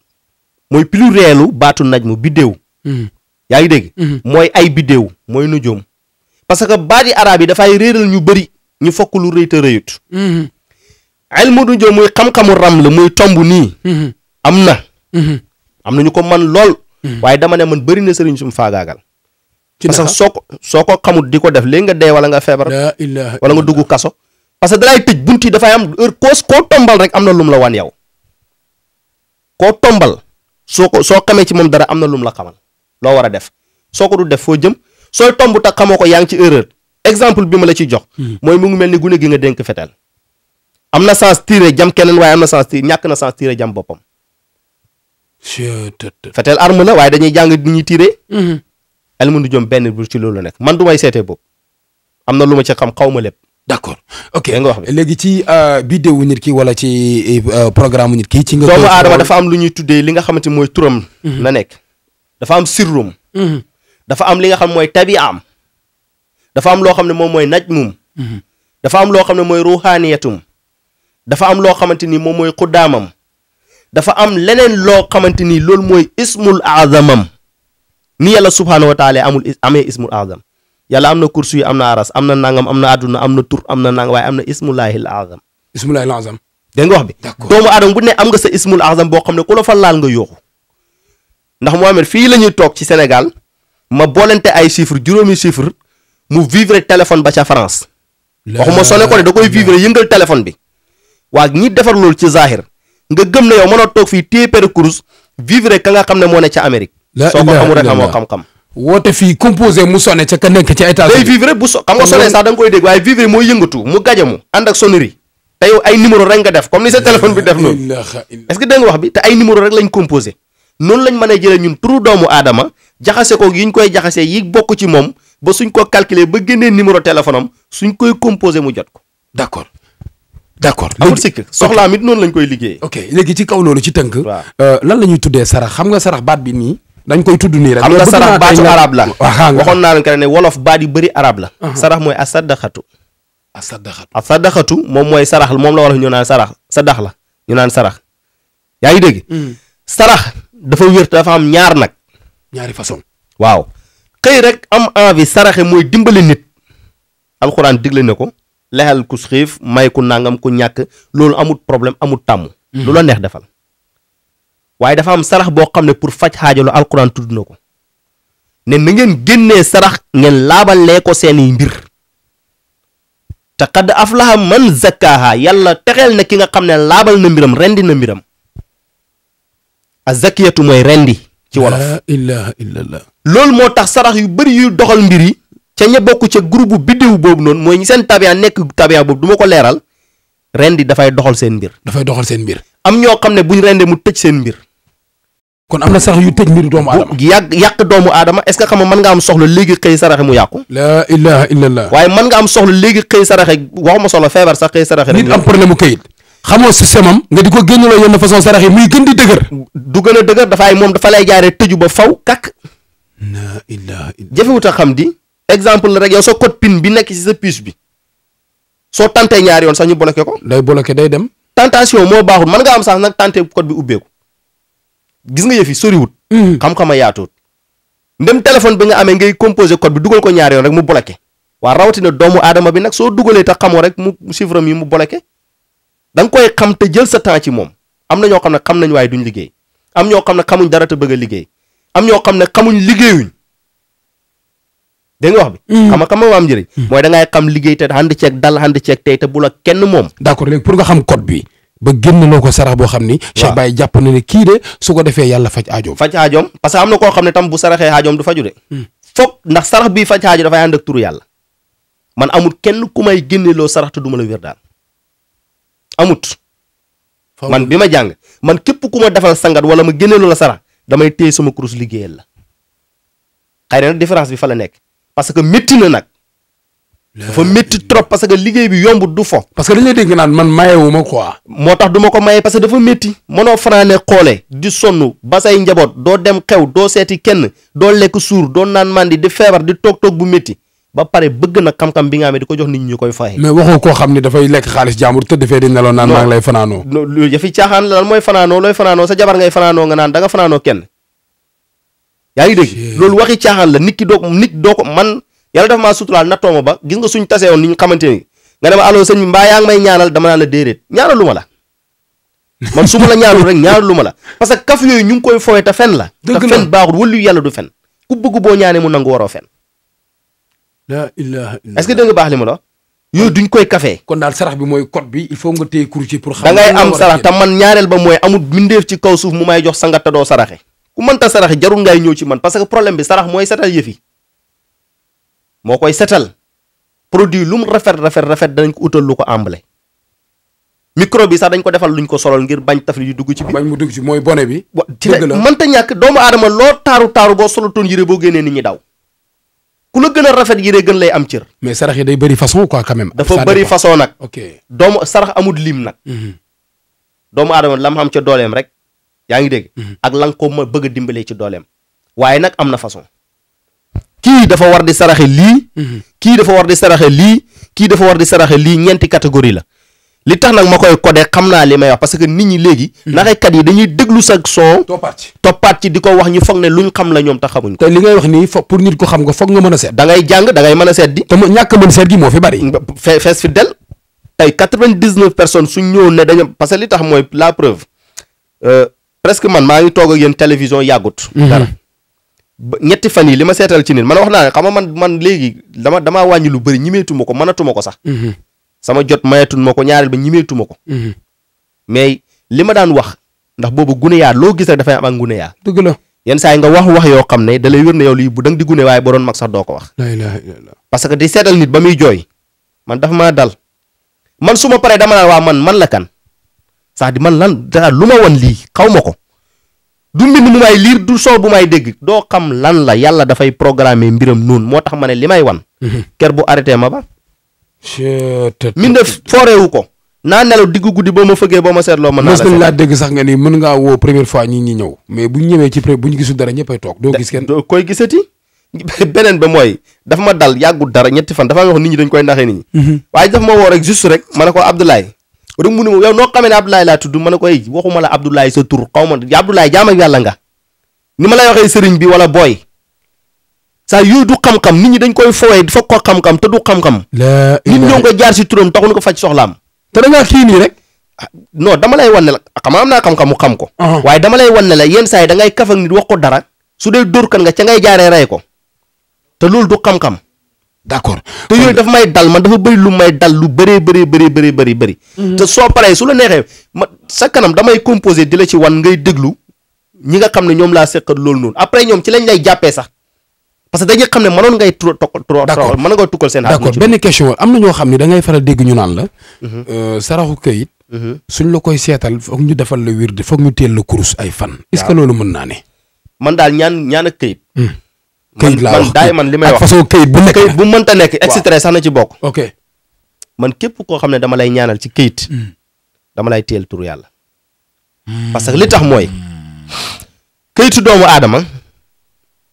mooy plurielu baatu najmu biddéew mm-hmm. yaa ngi dégg mm-hmm. mooy ay biddéew mooy nujum parce que baat yi araab yi dafay réeral ñu bëri ñu fokk lu rëy te rëyut mm-hmm. ilmu muy xam-xamu ram la muy tomb nii am na am na ñu ko man lool waaye dama ne man bëri na sëriñ sum faagaagal parce que soo ko soo ko xamul di ko def léegi nga dee wala nga feebar wala nga dugg kaso parce que dalay tëj bunt yi dafay am heure koos koo tombal rek am na lum la wan yow koo tombal soo ko soo xamee ci moom dara am na lum la xamal loo war a def soo ko du def foo jëm sooy tomb ta xamoo ko yaa ngi ci erreur exemple bi ma la ciy jox. Hmm. mooy mu ngi mel ni gune gi nga denk fetel am na sens tiré jam keneen waaye am na sens tiré ñàkk na sens tiré jam boppam. fetel arme la waaye dañuy jàng ni ñuy tiré. elmu nu jom benn bu ci loolu nekk man du may seetee boobu am na lu ma ci xam xaw ma lépp. d'accord ok nga wax léegi ci euh, biddewu nit ki wala ci euh, programme nit ki. ci nga doomu aadama dafa am lu ñuy tuddee li nga xamante mooy turam. Mhm. na nekk dafa am sirrum. Mhm. dafa am li nga xam mooy tabi'am. dafa am loo xam ne moom mooy najmum. Mhm. dafa am loo xam ne mooy ruuxaaniyatum. dafa am loo xamante ni moom mooy xuddaamam. dafa am leneen loo xamante ni loolu mooy ismul azamam. ni yàlla subhaanahu wa taala amul amee ismul azam yàlla am na kursu yi am na aras am na nangam am na àdduna am na tur am na nangam waaye am na ismullahil azam ismullahil azam dégg nga wax bi doomu aadama bu ne am nga sa ismul azam boo xam ne ku fa laal nga yooxu ndax Mohamed fii la ñuy toog ci senegal ma boolente ay chiffre juróomi chiffre mu vivre téléphone ba ca France waxuma sone ko ne da koy vivre yëngal téléphone bi waa ñi defar loolu ci zahir nga gëm ne yow mënoo toog fii téye pérécourse vivre ka nga xam ne moo ne ca Amérique soo ko xamul rek amoo xam woote fii composé mu sonné ca ka nekk ca état. day vivre bu so xam nga sonné sax da nga koy dégg waaye vivre mooy yëngatu mu gajamu ànd ak sonnerie te yow ay numéro rek nga def comme ni sa téléphone bi def noonu est que dégg nga wax bi te ay numéro rek lañ composé noonu lañ mën a jëlee ñun turu doomu aadama jaxase ko yi ñu koy jaxasee yi bokk ci moom ba suñ ko calculer ba génnee numéro téléphone am koy composé mu jot ko d'accord d'accord amul sikk soxlaam it noonu lañ koy liggéeyee ok léegi ci kaw loolu ci tënk euh, lan la ñuy tuddee sarax xam nga sarax baat bi nii dañ koy tudd nii rek. am na sarax baatu arab la waxoon naa leen que ne wolof baat yu bëri arab la. sarax mooy asadaxatu. asadaxatu asadaxatu moom mooy sarax moom la wolof ñu naan sarax sadax la ñu naan sarax. yaa ngi dégg. Hmm. sarax dafa wér dafa am ñaar nag. ñaari façon waaw xëy rek am envie saraxe mooy dimbali nit. alxuraan digle na ko. lexal ku xiif may ku nangam ku ñàkk loolu amut problème amut tàmm. Hmm. lu la neex defal. waaye dafa am sarax boo xam ne pour faj xaajalu alquran tudd na ko ne na ngeen génnee sarax ngeen laabal lee ko seeni mbir te qad aflaha man zakkaaha yalla texeel na ki nga xam ne laabal na mbiram rendi na mbiram a zakiyatu mooy rendi ci wolof la ilaha loolu moo tax sarax yu bari yuy doxal mbir yi ca ña bokk ca groupe biddiw boobu noonu mooy ñi seen tabia nekk tabiya boobu du ko leeral rendi dafay doxal seen mbir dafay doxal seen mbir am ñoo xam ne buñ rende mu tëj seen mbir kon am na sax yu tëj mbiru doomu aadama yàq doomu aadama est ce que xam man nga am soxla léegi xëy saraxe mu yàqu laa ilaha illallah waaye mën nga am soxla léegi xëy saraxe waxuma soxla feebar sax xëy saraxe nit am problème mu këyit xamoo système am nga di ko génnaloo yenn façon sarax yi muy gën di dëgër du gën a dëgër dafaay moom dafa lay jaaree tëju ba faw kak laa ilaha illallah jafewut a xam di exemple la rek yow sa code PIN bi nekk ci sa puce bi soo tentee ñaari yoon sax ñu bloqué ko day bloqué day dem tentation moo baaxul man nga am sax nag tenté code bi ubbeeku gis nga yëf yi soriwut. Mm. xam-xama yaatu ndem téléphone bi nga amee ngay composé code bi dugal ko ñaari yoon rek mu bloqué waa rawatina doomu aadama bi nag soo dugalee te xamoo rek mu chiffre yi mu bloqué da nga koy xam te jël sa temps ci moom am na ñoo xam ne xam nañ waaye duñ liggéey am ñoo xam ne xamuñ dara te bëgg a liggéey am ñoo xam ne xamuñ liggéeyuñ dégg nga wax bi. Mm. xam nga xam nga am njëriñ. Mm. mooy da ngay xam liggéey te ànd ceeg dal ànd ceeg tey te bu la kenn moom. d'accord léegi pour nga xam code bi. ba génn loo ko sarax boo xam ni Cheikh Baye jàpp na ne kii de su ko defee yàlla faj aajoom faj aajoom parce que am na koo xam ne tam bu saraxee aajoom du faju de hmm. foog ndax sarax bii faj aajo dafay ànd turu yàlla man amut kenn ku may génneloo sarax te du la wér daal man bi ma jàng man képp ku ma defal sangat wala ma génneloo la sarax damay téye sama kurus liggéeyal la xëy na nag différence bi fa la nekk parce que métti na nag dafa métti trop parce que liggéey bi yombut du fo. parce que dafa métti. mënoo fanaane xoole di sonn ba njaboot doo dem xew doo seeti kenn doo lekk suur doo naan mandi di feebar di toog toog bu métti ba pare bëgg na xam-xam bi nga xam ne di ko jox nit ñi ñu koy fay. mais waxoo koo xam ne dafay lekk xaalis jàmbur te defee di nelaw naan maa ngi lay fanaanoo. loolu yafi caaxaan lan mooy fanaanoo looy fanaanoo sa jabar ngay fanaanoo nga naan da fanaanoo yalla dafa maa suturaal nattoo ma ba gis nga suñ tasee woon ni ñu xamante ni nga ne ma allo sëñ bi mbaa yaa ngi may ñaanal dama naan la déedéet su ma la ñaanul rek ñaanalu ma la parce que kaf yooyu ñu ngi koy fooye tafen la te fen baaxul yàlla du fen ku bëgg boo ñaanee mu nangu waroo fen la ilaha illallah baax li ma la yooyu duñ koy kafee kon daal sarax bi mooy code bi il faut nga téye courtier pour xam da am sarax te man ñaareel ba mooy amul mbindeef ci kaw suuf mu may jox sangat te doo saraxe ku mënta saraxe jarul ngay ñëw ci man parce que problème bi sarax mooy setal yëfi moo koy setal produit lu mu rafet rafet rafet danañ ko utal lu ko àmbale micro bi sax dañ ko defal luñ ko solal ngir bañ taf yu dugg ci bi bañ mu mooy bone bi. dëgg la mënta ñàkk doomu aadama loo taaru taaru boo solatoon yére boo génnee nit ñi daw ku la gën a rafet yére gën lay am cër. mais sarax yi day bëri façon quoi quand même. dafa bëri façon nag. ok doomu sarax amul lim nag. Mm-hmm. doomu aadama lam am ca dooleem rek yaa ngi dégg. Mm-hmm. ak lan ko ma bëgg a dimbalee ci dooleem waaye nag am na façon. Mhm. kii dafa war di saraxe lii. kii dafa war di saraxe lii kii dafa war saraxe lii ñeenti catégorie la li tax nag ma koy codé xam naa li may wax parce que nit ñi léegi. Mhm. naxekat yi dañuy déglu sa son. toppaat ci toppaat di ko wax ñi foog ne lu ñu xam la ñoom te xamuñ ko. li ngay wax nii foog pour nit ko xam nga foog nga mën a seet. da ngay jàng da ngay mën a seet di. te ñàkk mën seet gi fe fees del tey quatre-vingt-dix-neuf suñ ñëw ne dañu parce que li tax mooy la preuve euh, presque man maa ngi toog a yéen télévision yàggut. Mhm. ba ñetti fan yi li ma seetal ci nit man wax naa ne xam nga man man léegi dama damaa wàññi lu bëri ñimeetuma ko mënatuma ko sax. Mhm. sama jot mayatul ma ko ñaareel ba ñimeetuma ko. Mhm. mais li ma daan wax ndax boobu gune yaa loo gis rek dafay am gune yaa. dëgg la yenn saa yi nga wax wax yoo xam ne dalay lay wér ne yow lii bu dang di gune waaye boo doon mag sax doo ko wax. parce que di seetal nit ba muy jooy man dafa maa dal man su ma paree dama naan waa man man la kan sax di man lan dara lu ma wan lii xaw ko. du mbind mu may liir du soow bu may dégg doo xam lan la yàlla dafay programmer mbiram noonu moo tax ma ne li may wan mhm. ker bu arrêté ma ba mbindeef foorewu ko naa nelaw diggu guddi boo ma fëggee boo ma seetloo mën naa la laa dégg sax nga ni mën ngaa woo première fois ñu ñëw mais bu ñu ñëwee ci bu ñu gisul dara ñëppay toog doo gis kenn doo koy gisati beneen ba mooy dafa ma dal yàggul dara ñetti fan dafa nga wax nit ñi dañ koy naxee nit mhm. waaye dafa ma woo rek juste rek ma ne ko Abdoulaye rek mu ne ma yow noo xamee ne Abdoulaye laa tudd ma ne koy waxuma la Abdoulaye sa tur kaw ma Abdoulaye jaam ak yàlla ni ma lay waxee sëriñ bi wala booy saa yooyu du xam-xam nit ñi dañ koy fowee dafa ko xam te du xam-xam. nit ñoo ko jaar si turam taxu ñu ko faj soxlaam. te da ngaa rek. Ah, noo dama lay wan ne la xam am naa xam-xam mu xam ko. Ah. waaye dama lay wan ne la yenn saa yi da ngay kaf ni di wax ko dara su dee dóorkan nga ca ngay jaaree rey ko te loolu du xam-xam d'accord te yooyu daf may dal man dafa bëri lu may dal lu bëree bëri bëri bëri bëri bëri mhm. soo paree su la neexee ma sa kanam damay composé di la ci wan ngay déglu ñi nga xam ne ñoom laa seqal loolu noonu après ñoom ci lañ lay jàppee sax parce que dañuy xam ne mënoon ngay trop trop d'accord mën nga tukkal seen d'accord benn question am na ñoo xam ne dangay ngay faral dégg ñu naan la mhm. euh, saraxu këyit mhm. suñ la koy seetal foog ñu defal la wird foog ñu teel la kurus ay fan est loolu mën naa ne man daal ñaan ñaan ak këyit laa wax man daay li may wax ak façon këyit bu nekk këyit bu nekk. waaw extrait sax na ci bokk. ok man képp koo xam ne dama lay ñaanal ci kayit hmm. dama lay teel turu yàlla. Hmm. parce que li tax mooy. këyitu doomu aadama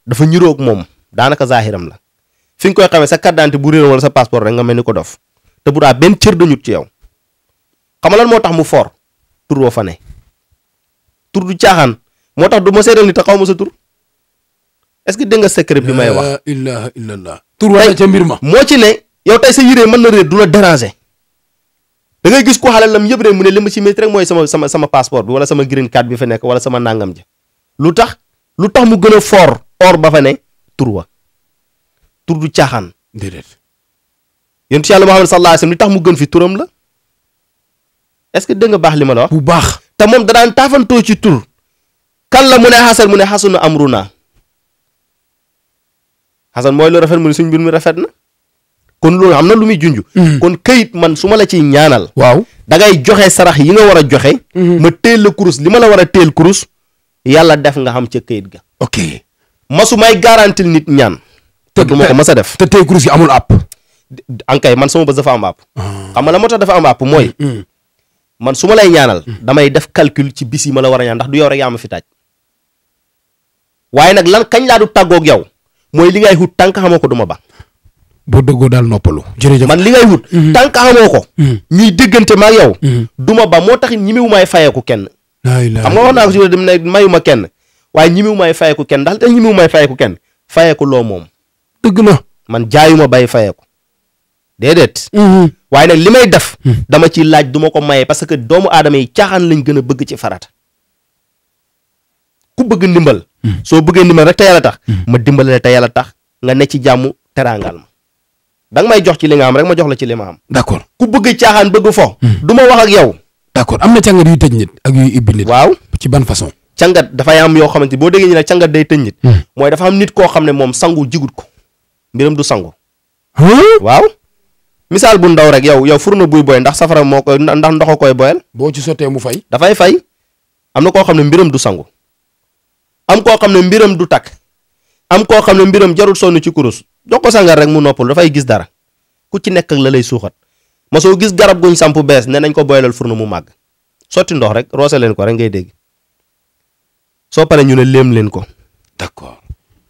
dafa ñuróog moom daanaka zaahiram la fi nga koy xamee sa carte bu réer wala sa passeport rek nga mel ni ko dof te bu daa benn cër dañut ci yow xam moo tax mu for tur woo fa ne tur du caaxaan moo tax du ma seetal ni te xaw ma sa tur. est-ce que dégg nga secret bi may wax. la ilaha illallah. tur wala moo ci ne. yow tey sa yiree mën na réer du la déranger. da gis ko xalal lam yëpp rek mu ne li ma ci métti rek mooy sama sama sama passeport bi wala sama green card bi fa nekk wala sama nangam ji. lu tax lu tax mu gën a fort or ba fa ne tur wa tur du caaxaan. déedéet. yéen ci yàlla Muhammad sallallahu alayhi wasallam li tax mu gën fi turam la. est-ce que dégg nga baax li ma la wax. bu baax te moom da taafantoo ci tur. kan la mu ne xasal mu ne xasunu amruna xasan mooy lu rafet mu ne suñ mbir mi rafet na kon loolu am na lu muy junj hmm. kon këyit man su ma la ciy ñaanal waaw da ngay joxe sarax yi nga war a joxe hmm. ma teel la kurus li ma la war a teel kurus yàlla def nga xam ca këyit ga ok masu may garantil nit ñaan te du ma ko mas a def te tey kurus yi amul àpp ankay man sama bës dafa am àpp ah. xam nga la moo tax dafa am àpp mooy hmm. man su ma lay ñaanal damay def calcul ci bis yi ma la war a ñaan ndax du yow rek yaa ma fi taaj waaye nag lan kañ laa du tàggoog yow mooy li ngay wut tànk xamoo ko du ba. boo dëggoo daal noppalu. jërëjëf man li ngay wut. Mm-hmm. tànk xamoo ko. Mm-hmm. ñuy déggante ma ak yow. Mm-hmm. du ma ba moo tax ñimiwu maay fayeeku kenn. dem ne mayu ma kenn waaye ñimiwu maay fayeeku kenn daal te ñimiwu maay fayeeku kenn fayeeku loo moom. dëgg na man jaayuma bay fayeeku déedéet. waaye nag li may def. dama ci laaj du ma ko mayee parce que doomu aadama yi caaxaan lañ gën a bëgg ci farata. ku bëgg ndimbal soo bëggee ni mel rek te yàlla tax hmm. ma dimbale te yàlla tax nga ne ci jàmm teraangal ma da may jox ci li nga am rek ma jox la ci li ma am d'accord ku bëgg caaxaan bëgg fo hmm. du ma wax ak yow d'accord am na càngat yuy tëj nit ak yuy ibbi nit waaw ci ban façon càngat dafay am yoo xamante boo déggee ñu ne càngat day tëj nit hmm. mooy dafa am nit koo xam ne moom sangu jigut ko mbiram du sangu waaw misaal bu ndaw rek yow yow furna buy boy ndax safara moo ko ndax ndoxa koy boyal boo ci sottee mu fay dafay fay am na koo xam ne mbiram du sangu am koo xam ne mbiram du takk am koo xam ne mbiram jarul sonn ci kurus jox ko sangar rek mu noppal dafay gis dara ku ci nekk la lay suuxat ma soo gis garab guñ samp bees ne nañ ko fur furnu mu màgg sotti ndox rek roose leen ko rek ngay dégg soo paree ñu ne léem leen ko. d'accord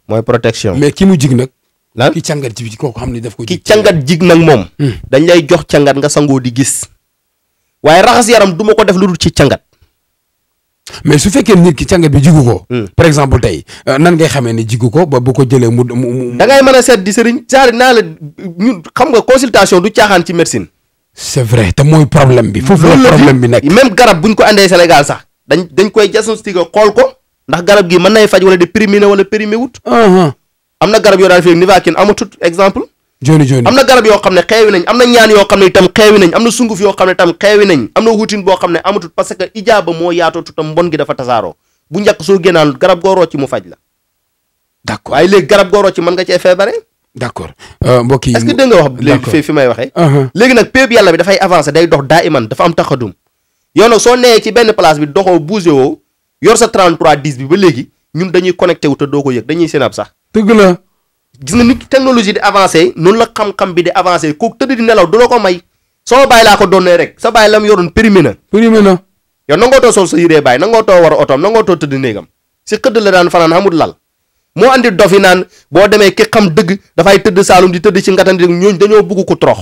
mooy protection. mais ki mu jig nag. lan ki càngat ji kooku xam ne daf ko. ki càngat jig nag moom. Hmm. dañ lay jox cangat nga sangoo di gis. waaye raxas yaram du ko def lu dul ci cangat mais su fekkee nit ki cànga bi jigu ko. Hmm. par exemple tey euh, nan ngay xamee ne jigu ko ba bu ko jëlee mu mu. da ngay mën a seet di sëriñ. saari naa la ñun xam nga consultation du caaxaan ci médecine. c'est vrai te mooy problème bi. foofu la problème bi nekk même garab bu ñu ko andee Sénégal sax dañ dañ koy diagnostiqué xool ko ndax garab gi mën nay faj wala déprimé na wala périmé wut. Uh-huh. am na garab yoo daan fi Nivaquine amatut exemple. joni joni am na garab yoo xam ne xeewi nañ am na ñaan yoo xam ne itam xeewi nañ am na sunguf yoo xam ne itam xeewi nañ am na wutin boo xam ne amatul parce que ijaaba moo yaatootu tam mbon gi dafa tasaaroo bu njëkk soo génnaan garab goo rocci mu faj la d'accord waaye léegi garab goo rocci mën nga cee feebare d'accord euh, mbokk yi est-ce que nga wax léegi fi may waxe uh-huh. léegi nag péeb yàlla bi dafay avancer day dox daa iman dafa am taxadum yow nag soo neeyee ci benn place bi doxoo bougé woo yor sa 33 10 bi ba léegi ñun dañuy connecté wu doo ko yëg dañuy seen ab sax dëgg gis na nit technologie di avancé noon la xam-xam bi di avancé kooku tëdd di nelaw du la ko may sama bàyyi laa ko rek sa bàyyi la mu yoroon périmé na périmé na yow nangoo too sol sa yiree bàyyi nangoo too war a otoom nangoo too tëdd néegam si xëdd la daan fanaan xamul lal moo andi dofi naan boo demee ki xam dëgg dafay tëdd saalum di tëdd ci ngatan ngatandi ñooñ dañoo bëgg ku torox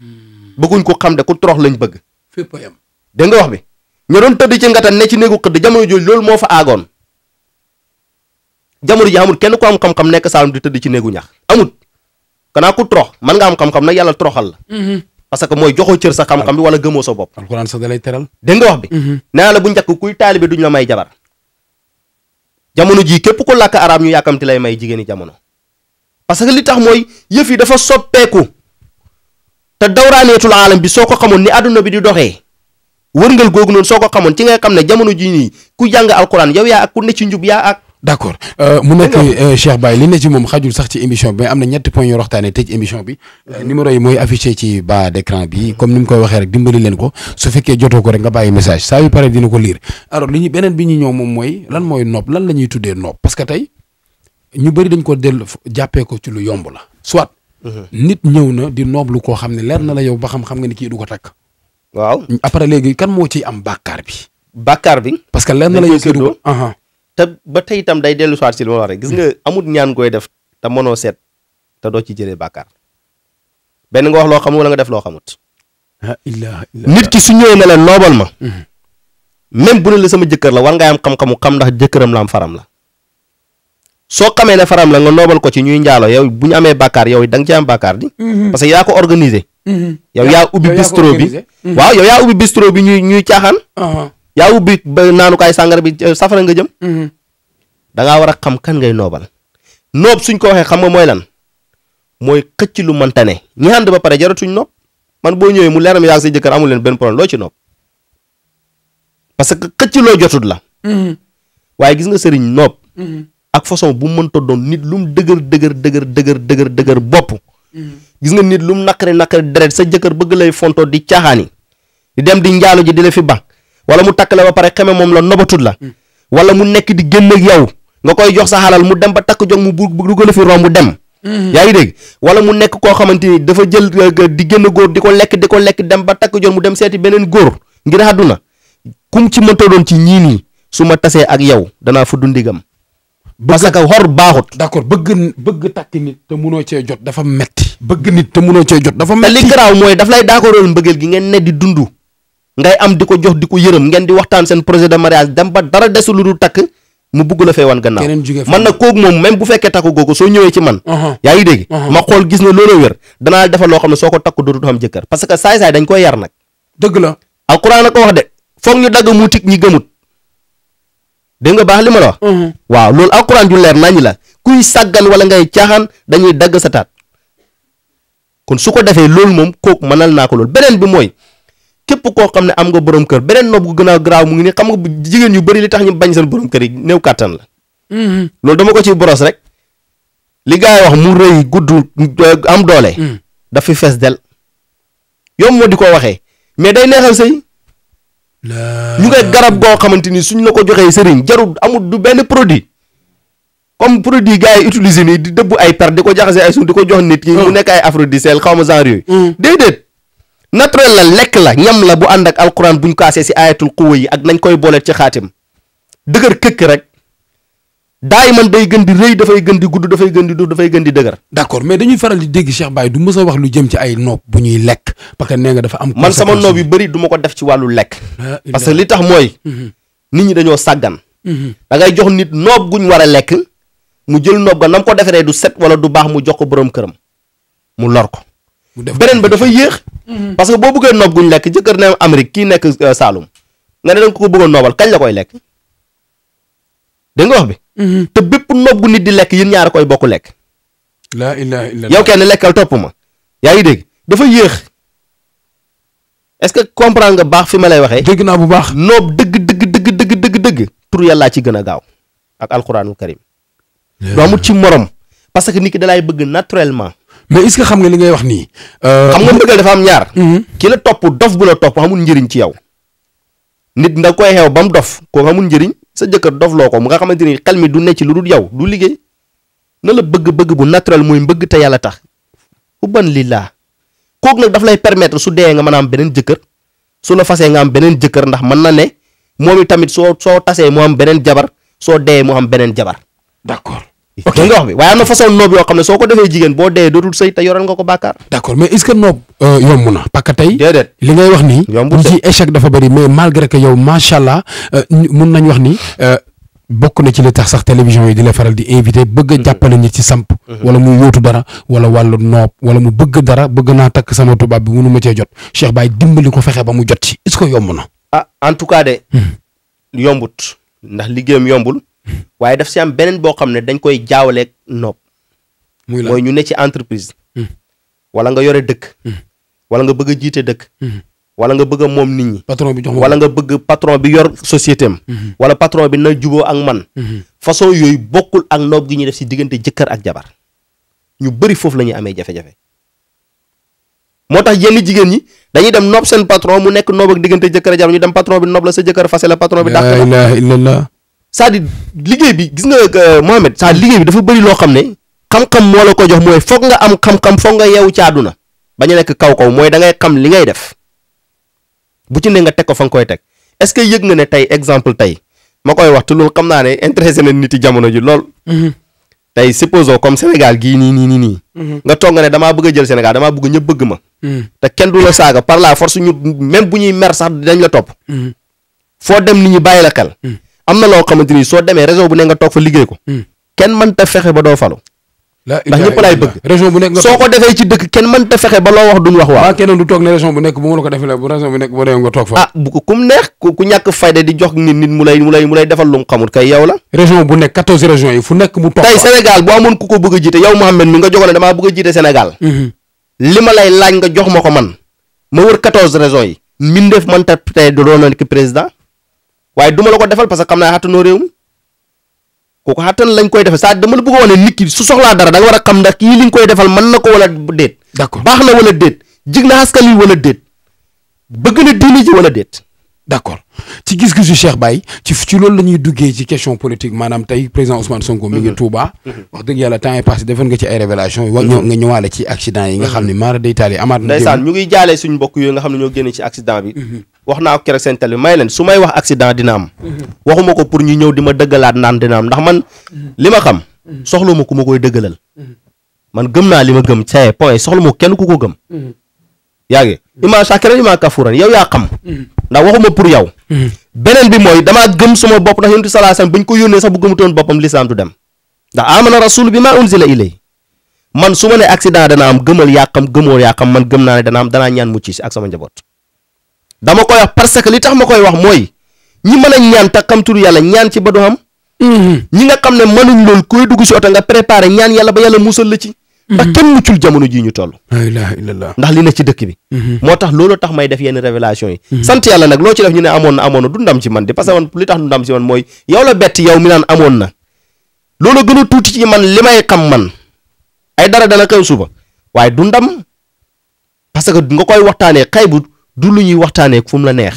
hmm. bëgguñ ko xam de ku torox lañ bëgg fépp yam nga wax bi ñu doon tëdd ci ngatan ne ci néegu xëdd jamono jooju loolu moo fa aagoon jamono ji amul kenn ko am xam-xam nekk Saalum di tëdd ci néegu ñax amut kanaa ku trox man nga am xam-xam nag yàlla troxal la mm-hmm. parce que mooy joxo cër sa xam-xam bi wala gëmoo sa bopp alxuraan sax da lay teral mm-hmm. kuy taalibe duñ la may jabar jamono jii képp ko làkk arab ñu yàkkamti lay may jigéeni jamono parce que li tax mooy yëf yi dafa soppeeku te dawraaneetul aalam bi soo ko xamoon ni àdduna bi di doxee wërngal googu noonu soo ko xamoon ci nga xam ne jamono ji nii ku jàng alxuraan yow yaa ak ku ne ci njub yaa ak d' accord euh, mu nekk euh, Cheikh Baye li ne ci moom xajul sax ci émission bi mais am na ñett point yoo waxtaanee tëj émission bi euh, numéro yi mooy affiché ci bas d' écran bi comme ni mu koy waxee rek dimbali leen ko su fekkee jotoo ko rek nga bàyyi message saa yu pare dina ko lire alors li ñu beneen bi ñu moom mooy lan mooy nopp lan la ñuy tuddee nopp que ñu bëri dañ ko dellu jàppee ko ci lu yomb la soit mhm. nit ñëw na di nooblu koo xam ne leer na la yow ba xam-xam nga ni kii du ko takk waaw après léegi kan moo ci am bàkkaar bi bàkkaar bi parce que leer na la yow kii te ba tey itam day dellu soit si li ma wax rek gis nga amut ñaan koy def te mënoo seet te doo ci jële bàkkaar benn nga wax loo xamul wala nga def loo xamut. nit ki su ñëwee ne la noobal ma. Mm-hmm. même bu ne la sama jëkkër la war ngaa am xam-xamu xam ndax jëkkëram la am faram la soo xamee ne faram la nga noobal ko ci ñuy njaalo yow bu ñu amee bàkkaar yow da ci am bàkkaar di. Mm-hmm. parce que yaa ko organisé. Mm-hmm. yaa ubbi bistro bi. waaw yow yaa ubbi bistro bi ñuy caaxaan. Uh-huh. yaa ubbi ba naanukaay sàngara bi euh, safara nga jëm. Mm-hmm. da war a xam kan ngay noobal. noob suñ ko waxee xam nga mooy lan mooy xëcc lu mënta ne ñi ba pare jaratuñ noob man boo ñëwee mu leeram yaa sa jëkkër amul benn problème loo ci noob parce que xëcc loo jotut la. Mm-hmm. waaye gis nga sëriñ noob. Mm-hmm. ak façon bu mënta doon nit lum mu dëgër dëgër dëgër dëgër dëgër dëgër bopp. gis nga nit lu mu naqari naqari deret sa jëkkër bëgg lay fontoo di caaxaani di dem di njaalu ji di ba. wala mu takk la ba pare xeme moom la nobatut la wala mu nekk di génn ak yow nga koy jox sa xalal mu dem ba takk jog mu duggal fi romb dem mm-hmm. yaa wala mu nekk koo xamante ni dafa jël euh, di génn góor di ko lekk di ko lekk dem ba takk jog mu dem seeti beneen góor ngir àdduna kum ci mënta doon ci ñii nii su ma tasee ak yow danaa fa dundigam parce que xor baaxut d'accord bëgg bëgg takk nit te munoo cee jot dafa metti bëgg nit te munoo cee jot dafa metti li garaaw mooy daf lay d'accordal mbëggeel gi ngeen ne di dund ngay am di ko jox di ko yërëm ngeen di waxtaan seen projet de mariage dem ba dara desul lu dul takk mu bugg la fee wan gannaaw man nag kooku moom même bu fekkee takku googu soo ñëwee ci man uh-huh. yaa ngi dégg uh-huh. ma xool gis ne looloo wér danaa defal loo xam ne soo ko takk dootu xam jëkkër parce que saay-saay dañ koy yar nag dëgg la alquran la ko wax de foog ñu dagg mu ñi gëmut dégg nga baax li ma la wax uh-huh. waaw loolu alquran ju leer nañ la kuy sàggan wala ngay caaxaan dañuy dagg sa kon su ko defee loolu moom kooku mënal naa ko loolu beneen bi mooy képp koo xam ne am nga boroom kër beneen nopp gu gën a garaaw mu ngi ni xam nga jigéen yu bari li tax ñu bañ seen borom kër yi néew kàttan la. Mm-hmm. loolu dama ko ciy boros rek. li gaa yi wax mu rëy gudd euh, am doole. Mm. dafi fees del yow moo di ko waxee mais day neexal sëy ñu ngay garab goo xamante ni suñ la ko joxee sëriñ jarul amut du benn produit comme produit gars yi utiliser nii di dëbb ay per di ko jaxase ay suuf di ko jox nit ñi. Oh. mu nekk ay aphrodisiaque xaw ma genre yooyu. Mm. naturel la lekk la ñam la bu ànd ak alquran buñ kaasee si ayatul quwa yi ak nañ koy booleet ci xaatim dëgër këkk rek daay man day gën di rëy dafay gën di gudd dafay gën di du dafay gën di dëgër d'accord mais dañuy faral di dégg Cheikh Baye du mës wax lu jëm ci ay noob bu ñuy lekk parce que nee dafa am man sama noob yu bëri du ma ko def ci wàllu lekk parce que li tax mooy mhm. nit ñi dañoo sàggan mhm. da ngay jox nit noob guñ war a lekk mu jël noob ga nam ko defaree du set wala du baax mu jox ko boroom këram mu lor ko beneen ba dafa yéex. Mm-hmm. parce que boo bëggee noob guñ lekk jëkkër ne Amérique ki nekk euh, Saalum nga ne danga ko bëggoon noobal kañ la koy lekk dégg wax bi. Mm-hmm. te bépp noob gu nit di lekk yéen ñaar koy bokk lekk. laa ilaaha illallaah yow kenn lekkal topp ma yaa ngi dégg dafa yéex. est-ce que comprendre baax fi ma lay waxee. dégg naa bu baax noob dëgg dëgg dëgg dëgg dëgg dëgg. tur yàllaa ci gën a gaaw ak alxuraanul karim. doo ci morom. parce que nit ki dalay bëgg naturellement. mais est-ce xam nga li ngay wax nii. Euh, xam nga mbëggal dafa am ñaar. Mm-hmm. ki la topp dof bu la topp amul njëriñ ci yow. nit nga koy xew ba mu dof koo xamul njëriñ sa jëkkër dof loo ko mu nga xamante ni xel mi du ne ci lu dul yow du liggéey na la bëgg-bëgg bu naturel mooy mbëgg te yàlla tax. ubban lillah kooku na daf lay permettre su dee nga mën a am beneen jëkkër su la fasee nga am beneen jëkkër ndax mën na ne moom itamit soo soo tasee mu am beneen jabar soo dee mu am beneen jabar d'accord. ok nga wax bi waaye am na façon noob yoo xam ne soo ko defee jigéen boo dee dootul sëy te yoral nga ko bàkkaar. d' accord mais est ce que noob euh, li ngay wax nii. yombul ci échec dafa bëri mais malgré que yow allah euh, mun nañ wax ni. Euh, bokk na ci li sax télévision yi di faral di invité bëgg a mhm. jàppale ci samp mhm. wala muy yóotu dara wala wàllu wala mu bëgg dara bëgg naa takk sama tubaab bi mënu ma cee jot Cheikh Baye dimbali ko fexe ba mu jot ci est ce que na. Ah, en tout cas de. Hmm. yombut ndax liggéeyam yombul. waaye daf si am beneen boo xam ne dañ koy jaawaleeg nopp. muy mooy ñu ne ci entreprise. Hmm. wala nga yore dëkk. Hmm. wala nga bëgg a jiite dëkk. Hmm. wala nga bëgg moom nit ñi. patron bi jox wala nga bëgg patron bi yor société am. wala patron bi na juboo ak man. façon yooyu bokkul ak noob gi ñuy def si diggante jëkkër ak jabar ñu bëri foofu la ñuy amee jafe-jafe. moo tax yenn jigéen ñi dañuy dem noob seen patron mu nekk noob ak diggante jëkkër ak jabar ñu dem patron bi noob la sa jëkkër fase la cest à liggéey bi gis nga euh, Mohamed c'est-à-dire liggéey bi dafa bëri loo xam ne xam-xam moo la ko jox mooy foog nga am xam-xam foog nga yeewu ci àdduna bañ nekk kaw-kaw mooy dangay ngay xam li ngay def bu ci ne nga teg ko fa nga koy teg est-ce que yëg nga ne tey exemple tey ma koy wax te xam naa ne intéressé na nit yi jamono ji lool. Mhm. tey supposons comme Sénégal gii nii nii nii mhm. nga toog ne damaa bëgg a jël Sénégal damaa bëgg ñëpp bëgg ma. Mhm. te kenn du la saaga par la force ñu même bu ñuy mer sax dañ la topp. foo dem nit ñi bàyyi la xel. am na loo xamante ni soo demee région bu ne nga toog fa liggéey ko. Hmm. kenn mënta fexe ba doo falu. ndax ñëpp laay bëgg région bu nekk soo ko defee ci dëkk kenn mënta fexe ba loo wax duñ wax waaw. kenn du toog ne région bu nekk bu ma la ko defee la bu mu la. région nekk quatorze régions yi fu nekk mu toog tey Sénégal boo amoon ku ko bëgg a jiite yow Mouhamed mi nga jox ne damaa bëgg a jiite Sénégal. Mm-hmm. li ma lay laaj nga jox ma ko man ma wër quatorze régions yi. mbindeef mënta tey doon na nekk président waaye duma la ko defal parce que xam naa xattanoo réew mi kooku xattan lañ koy defal saa dama la bëgg a wax ne su soxlaa dara da war a xam ndax kii li nga koy defal mën na ko wala déet. d'accord baax na wala déet jig na askan wi wala déet bëgg na diini ji wala déet. d'accord ci gis-gisu Cheikh Baye ci ci loolu la duggee ci question politique maanaam tey président Ousmane Sonko mi ngi mhm. Touba. Mhm. wax dëgg yàlla temps est passé defoon nga ci ay révélation mhm. yi. nga ñëwaale wax naa ko keroog seen télé may leen su may wax accident dina am. waxuma ko pour ñu ñëw di ma dëggalaat naan dina am ndax man li ma xam. soxla ma ku ma koy dëggalal. man gëm naa li ma gëm c'est point soxla ma kenn ku ko gëm. yaa ngi imaa shakiran imaa kafuran yow yaa xam. ndax waxuma pour yow. beneen bi mooy damaa gëm suma bopp ndax yonent sallallahu alayhi wasallam bu ñu ko yónnee sax bu gëmutoon boppam lislaam du dem ndax amana rasul bi maa unzila ilay man su ma ne accident dana am gëmal yaa xam gëmoo yaa xam man gëm naa ne dana am danaa ñaan mucc si ak sama njaboot. dama koy wax parce que li tax ma koy wax mooy ñi mën a ñaan te xam ñaan ci ba du am. Mhm. ñi nga xam ne mënuñ loolu koy dugg si oto nga préparé ñaan yàlla ba yàlla musal la ci. ba mhm. kenn muccul jamono jii ñu toll. la ilaha ndax li ne ci dëkk bi. Mhm. moo tax loolo tax may def yenn révélation yi. sant yàlla nag loo ci def ñu ne amoon na amoon na du ndam ci man de parce que man li tax du ndam ci man mooy yow na. loolu gën a tuuti ci man li may xam man ay dara dana xew suba waaye du ndam parce que nga koy waxtaanee xay bu du lu ñuy waxtaanee fu la neex.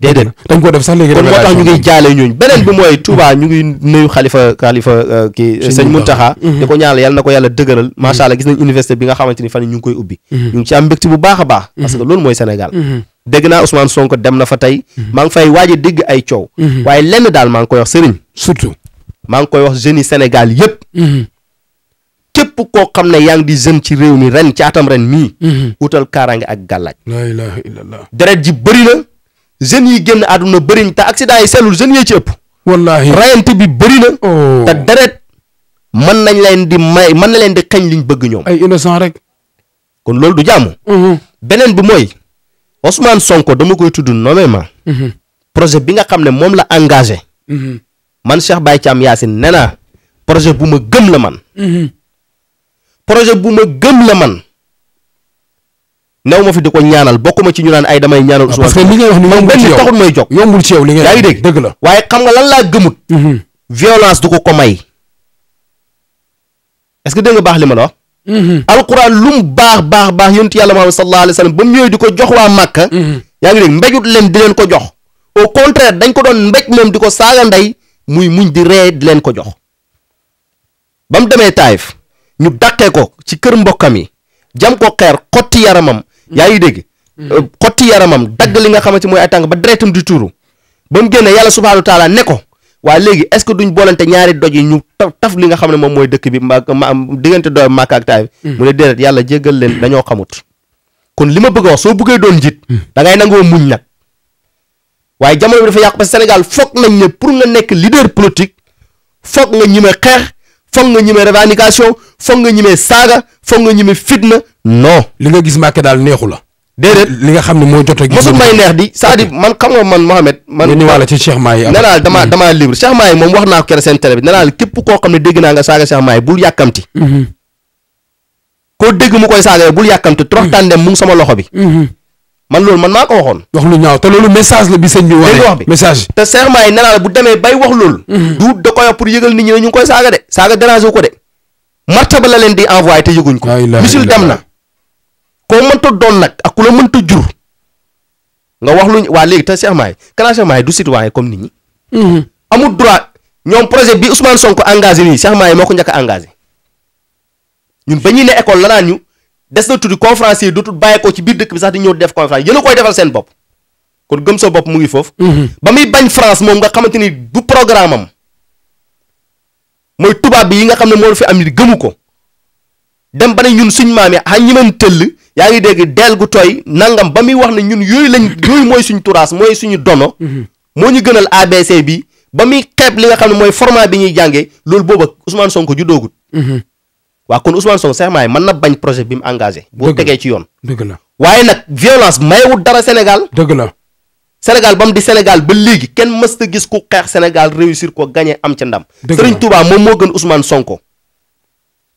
déedéet dañ ko def sax léegi kon moo tax ñu ngi jaale ñooñu beneen bi mooy Touba ñu ngi nuyu xalifa xalifa euh, kii sëñ Muntaxa mhm. di ko ñaanal yàlla na ko yàlla dëgëral macha allah gis nañ université bi nga xamante fan ñu ngi koy ubbi mhm. ñu ngi ci am bu baax a baax mhm. parce que loolu mooy Sénégal dégg naa Ousmane Sonko dem na fa tey maa ngi fay waaj a ay coow waaye lenn daal maa ngi koy wax sëriñ surtout maa ngi koy wax jeunes képp koo xam ne yaa ngi di jeune ci réew mi ren ci ren mii. Mhm. utal kaaraange ak gàllaaj. la ilaha illallah. deret ji bëri na jeunes yi génn àdduna bëriñ te accident yi sellul jeunes yee ci ëpp. wallaahi rayante bi bëri na. Oh. te deret mën nañ leen di may mën na leen di xañ liñ bëgg ñoom. ay innocent rek. kon loolu du jàmm. Mhm. beneen bi mooy Ousmane Sonko dama koy tudd ma mhm. projet bi nga xam ne moom la engagé. man Cheikh Baye Thiam Yacine nee naa projet bu ma gëm la man. projet bu ma gëm la man new ma fi di ko ñaanal bokkuma ci ñu naan ay damay ñaanal ah, Ousmane parce que li ngay wax ni yombul ci yow taxul may jóg yombul ci yow li ngay yaa ngi dégg dëgg la waaye xam nga lan laa gëmut mhm. violence du ko ko may est-ce que dégg nga baax li ma la wax mhm. alquran lu mu baax baax baax yonent yàlla Muhammad sallallahu alayhi wa sallam ba mu ñëwee di ko jox waa Màkka mhm. yaa ngi dégg mbéjut leen di leen ko jox au contraire dañ ko doon mbéj moom di ko saaga ndey muy muñ di ree di leen ko jox ba mu demee ñu dàqee ko ci kër mbokkam yi jam ko xeer xotti yaramam. yaa ngi dégg. Mm. Euh, xotti yaramam dagg li nga xamante mooy ay tànk ba deretam di tuuru ba mu génnee yàlla subhaanahu taala ne ko waaye léegi est-ce que duñ boolante ñaari doj yi ñu taf taf li nga xam ne moom mooy dëkk bi ma diggante doy Makka ak Taayif mm. mu ne déedéet yàlla jéggal leen dañoo xamut. kon li ma bëgg a wax soo bëggee doon njiit. Mm. da ngay nangoo muñ nag. waaye jamono bi dafa yàqu parce que Sénégal foog nañ ne pour nga nekk leader politique foog nga ñime xeex. foog nga ñemee revendication foog nga ñemee saaga foog nga ñemee fitna non. li nga gis Macky daal neexu la. déedéet li nga xam ne moo jot a. mosul neex di cest à man kam nga man Mohamed. man ñu wàll ci Cheikh Mahi. am na daal damaa mm-hmm. damaa libre Cheikh Mahi moom wax naa ko keroog seen télé bi nee naa képp koo xam ne dégg naa nga saaga Cheikh Mahi bul yàkkamti. Mm-hmm. koo dégg mu koy saaga bul yàkkamti. toroxtaan mm-hmm. dem mu sama loxo bi. man loolu man maa ko waxoon. wax lu ñaaw te loolu message la bi sëñ bi. wax bi message. te serment yi la bu demee bay wax lool mhm. du da pour yëgal ni ñi ne ñu ngi koy saaga de. saaga déranger ko de. martaba la leen di envoyé te yëguñ ko. misil dem na. koo mënta doon nag a ku la mënta jur. nga wax luñ waa léegi te serment yi kanaa serment yi du citoyen comme ni ñi. Mhm. amul droit ñoom projet bi Ousmane Sonko engagé nii serment yi moo ko njëkk a engagé ñun ba ñuy ne école la naan ñu. des na tuuti conférencier yi dootul bàyyi ko ci biir dëkk bi sax di ñëw def conférence yéen a koy defal seen bopp kon gëm sa bopp mu ngi foofu. Mhm. ba muy bañ France moom nga xamante ni du programme am mooy tubaab bi yi nga xam ne moo fi am nit gëmu ko dem ba ne ñun suñ maam ah ñi mën tëll yaa ngi dégg deel gu tooy nangam ba muy wax ne ñun yooyu lañ yooyu mooy suñ turaas mooy suñu dono. Mhm. moo ñu gënal ABC bi ba muy xeeb li nga xam ne mooy format bi ñuy jàngee loolu booba Ousmane Sonko ju doogut. Mhm. waa kon Ousmane Sonko serment yi mën na bañ projet bi mu engagé. boo tegee ci yoon. dëgg la waaye nag violence mayewul dara Sénégal. dëgg la Sénégal ba mu di Sénégal ba léegi kenn mës ta gis ku xeex senegal réussir ko gagné am ca ndam. dëgg la moom moo gën Ousmane Sonko.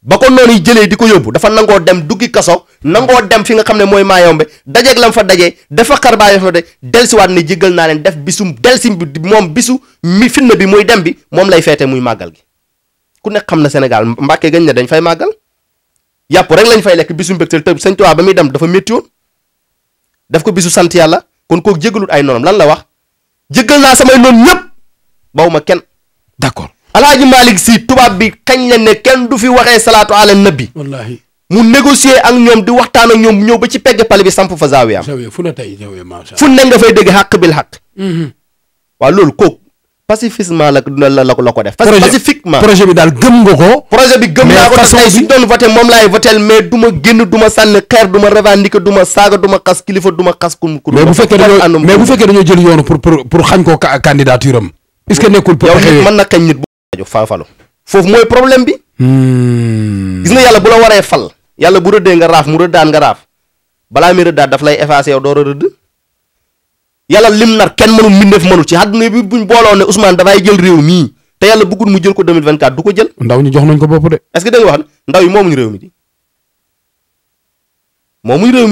ba ko noonu jëlee di ko yóbbu dafa nangoo dem duggi kaso nangoo dem fi nga xam ne mooy maayombe dajeeg la mu fa dajee dafa xarbaa yoo xam ne delsiwaat ne jéggal naa leen def bisum delsim bi moom bisu mi fitna bi muy dem bi moom lay feete muy màggal gi ku nekk xam na Sénégal Mbàkke gañ ne dañ fay màggal yàpp rek lañ fay lekk bisu mbégteel te sëñ Tuubaa ba muy dem dafa métti daf ko bisu sant yàlla kon kooku jégalul ay noonam lan la wax jégal naa samay noon ñëpp bawuma kenn d'accord alaaji Malick si tubaab bi kañ la ne kenn du fi waxee salaatu ala nabi wallaahi mu négocier ak ñoom di waxtaan ak ñoom ñëw ba ci pegg pale bi samp fa zaawiyaam fu ne nga fay dégg xàq bil xàq mhm. waaw loolu kooku pacifiquement la la la ko def. pacifiquement projet bi daal gëm nga ko. projet bi gëm naa ko te tey suñ doon voté moom laay voté mais du ma génn du ma sànni xeer du ma revendiquer saaga du xas kilifa du ma xas. ku ku mais bu fekkee dañoo mais bu fekkee dañoo jël yoonu pour pour xañ ko candidature am. que nekkul pour. yow nit mën na xañ nit bu rajo faafalu foofu mooy problème bi. Hmm. gis nga yàlla bu la waree fal. yàlla bu rëddee nga raaf mu balaa muy rëddaat daf lay effacé yow yàlla lim nar kenn mënul mbindeef mënul ci àdduna bi buñ booloo ne Ousmane dafay jël réew mii te yàlla bëggul mu jël ko 2024 du ko jël. ndaw ñi jox nañ ko bopp de. est-ce que da nga wax mi di moomuñu réew mi di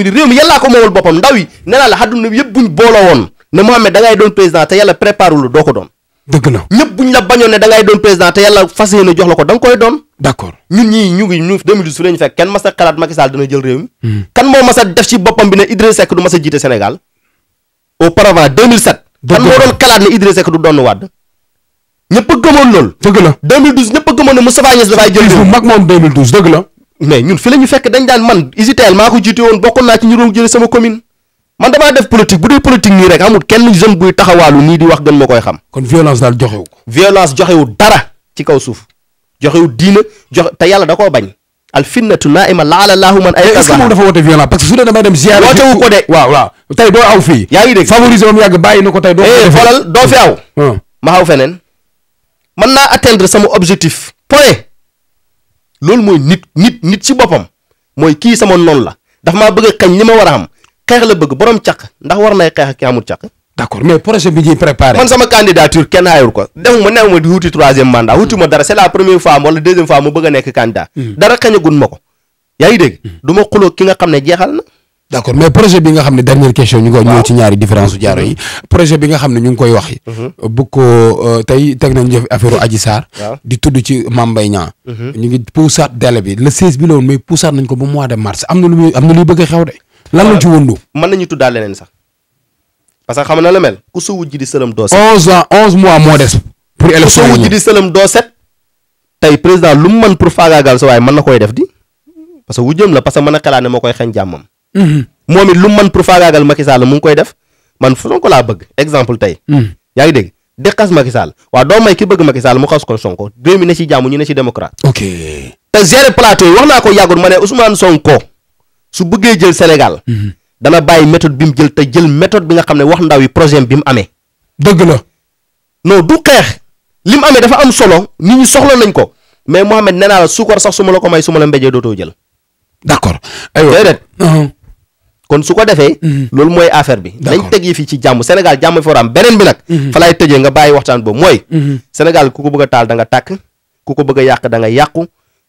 réew ndaw yi nee la àdduna bi yëpp buñ booloo woon ne Mohamed da ngay doon président te yàlla préparé ko doon. dëgg la ñëpp buñ la bañoon ne da ngay doon président yàlla fas yéene jox ko da nga koy doon. d'accord ñun ñii ñu ngi ñu 2012 fi lañu fekk kenn mas a xalaat Macky Sall dana jël réew mi. Hmm. kan moo mas a def ci boppam bi ne Idrissa du mas jiite Sénégal auparavant 2007. dëgg la kan moo doon xalaat ne Idrissa doon Wade. ñëpp a gëmoon loolu. dëgg la 2012 ñëpp a gëmoon ne Moustapha Niasse dafay jël. bu mag moom 2012 dëgg la. mais ñun fi la fekk dañ daan man Isitel maa ko jiite woon bokkoon naa ci ñu doon jëlee sama commune. man damaa def politique bu dee politique nii rek amul kenn jeune buy taxawaalu nii di wax gën ma koy xam. kon violence daal joxewu violence joxewu dara ci kaw suuf joxewu diina jox te yàlla da koo bañ. al finnatu naima laala laahu man ay. est-ce que moom dafa woote violent parce que su dee damay dem ziar. woote wu ko de waaw doo aw fii. yaa ngi dégg favoriser moom yàgg bàyyi ko tey. doo eh, xoolal doo fi aw. Hmm. ma xaw feneen. mën naa atteindre sama objectif. point loolu mooy nit nit nit ci boppam mooy kii sama noonu la dafa maa bëgg a xañ li ma war a am xeex la bëgg borom caq ndax war nay xeex ak ki amul caq. d'accord mais projet bi ñuy préparé. man sama candidature kenn aayul ko defuma neew ma di wuti troisième mandat wuti ma dara c'est la première fois wala deuxième fois mu a nekk candidat. Hmm. dara xañagun hmm. ki nga xam ne jeexal na. d'accord mais projet bi nga xam ne dernière question ñu ngi koy ñëw ci hmm. bi nga xam ne ñu ngi wax bu ko euh, tey teg nañ jëf affaire Adji di tudd ci Mame Mbaye Niang ñu ngi poussaat délai bi le 16 bi la woon mais poussaat nañ ko ba mois de mars am na lu muy am na luy bëgg a xew de lan la ci wëndu mën nañu tuddaat leneen sax parce que xam na la mel ku sa wujj di sëlëm doo set. onze président lu mu mën pour faagaagal sa waaye man na koy def di parce que wujjam la parce que mën a xalaat ne moo koy xañ jàmmam. Mhm. moom it lu mu mën pour faagaagal Macky mu koy def man Sonko laa bëgg exemple tey. Mhm. yaa ngi dégg de xas Macky Sall waaw doo may ki bëgg Macky Sall mu xas Sonko réew mi ne ci jàmm ñu ne ci démocrate. ok te gérer plateau wax naa ko yàggul ma ne Ousmane Sonko su bëggee jël Sénégal. Mhm. dana bàyyi méthode bi mu jël te jël méthode bi nga xam ne wax ndaw yi projet bi mu amee. dëgg la. non du xeex. li mu amee dafa am solo nit ñi soxla nañ ko mais Mouhamed nee naa la suukar sax su ma la ko may su ma la mbéjee dootoo jël. d' accord aywa uh-huh. kon su ko defee. Mm-hmm. loolu mooy affaire bi. dañ teg yi fii ci jàmm senegal jàmm fi am beneen bi nag. Mm-hmm. fa laay tëjee nga bàyyi waxtaan boobu mooy. Mm-hmm. Sénégal ku ko bëgg taal danga tàkk ku ko bëgg yàq da nga yàqu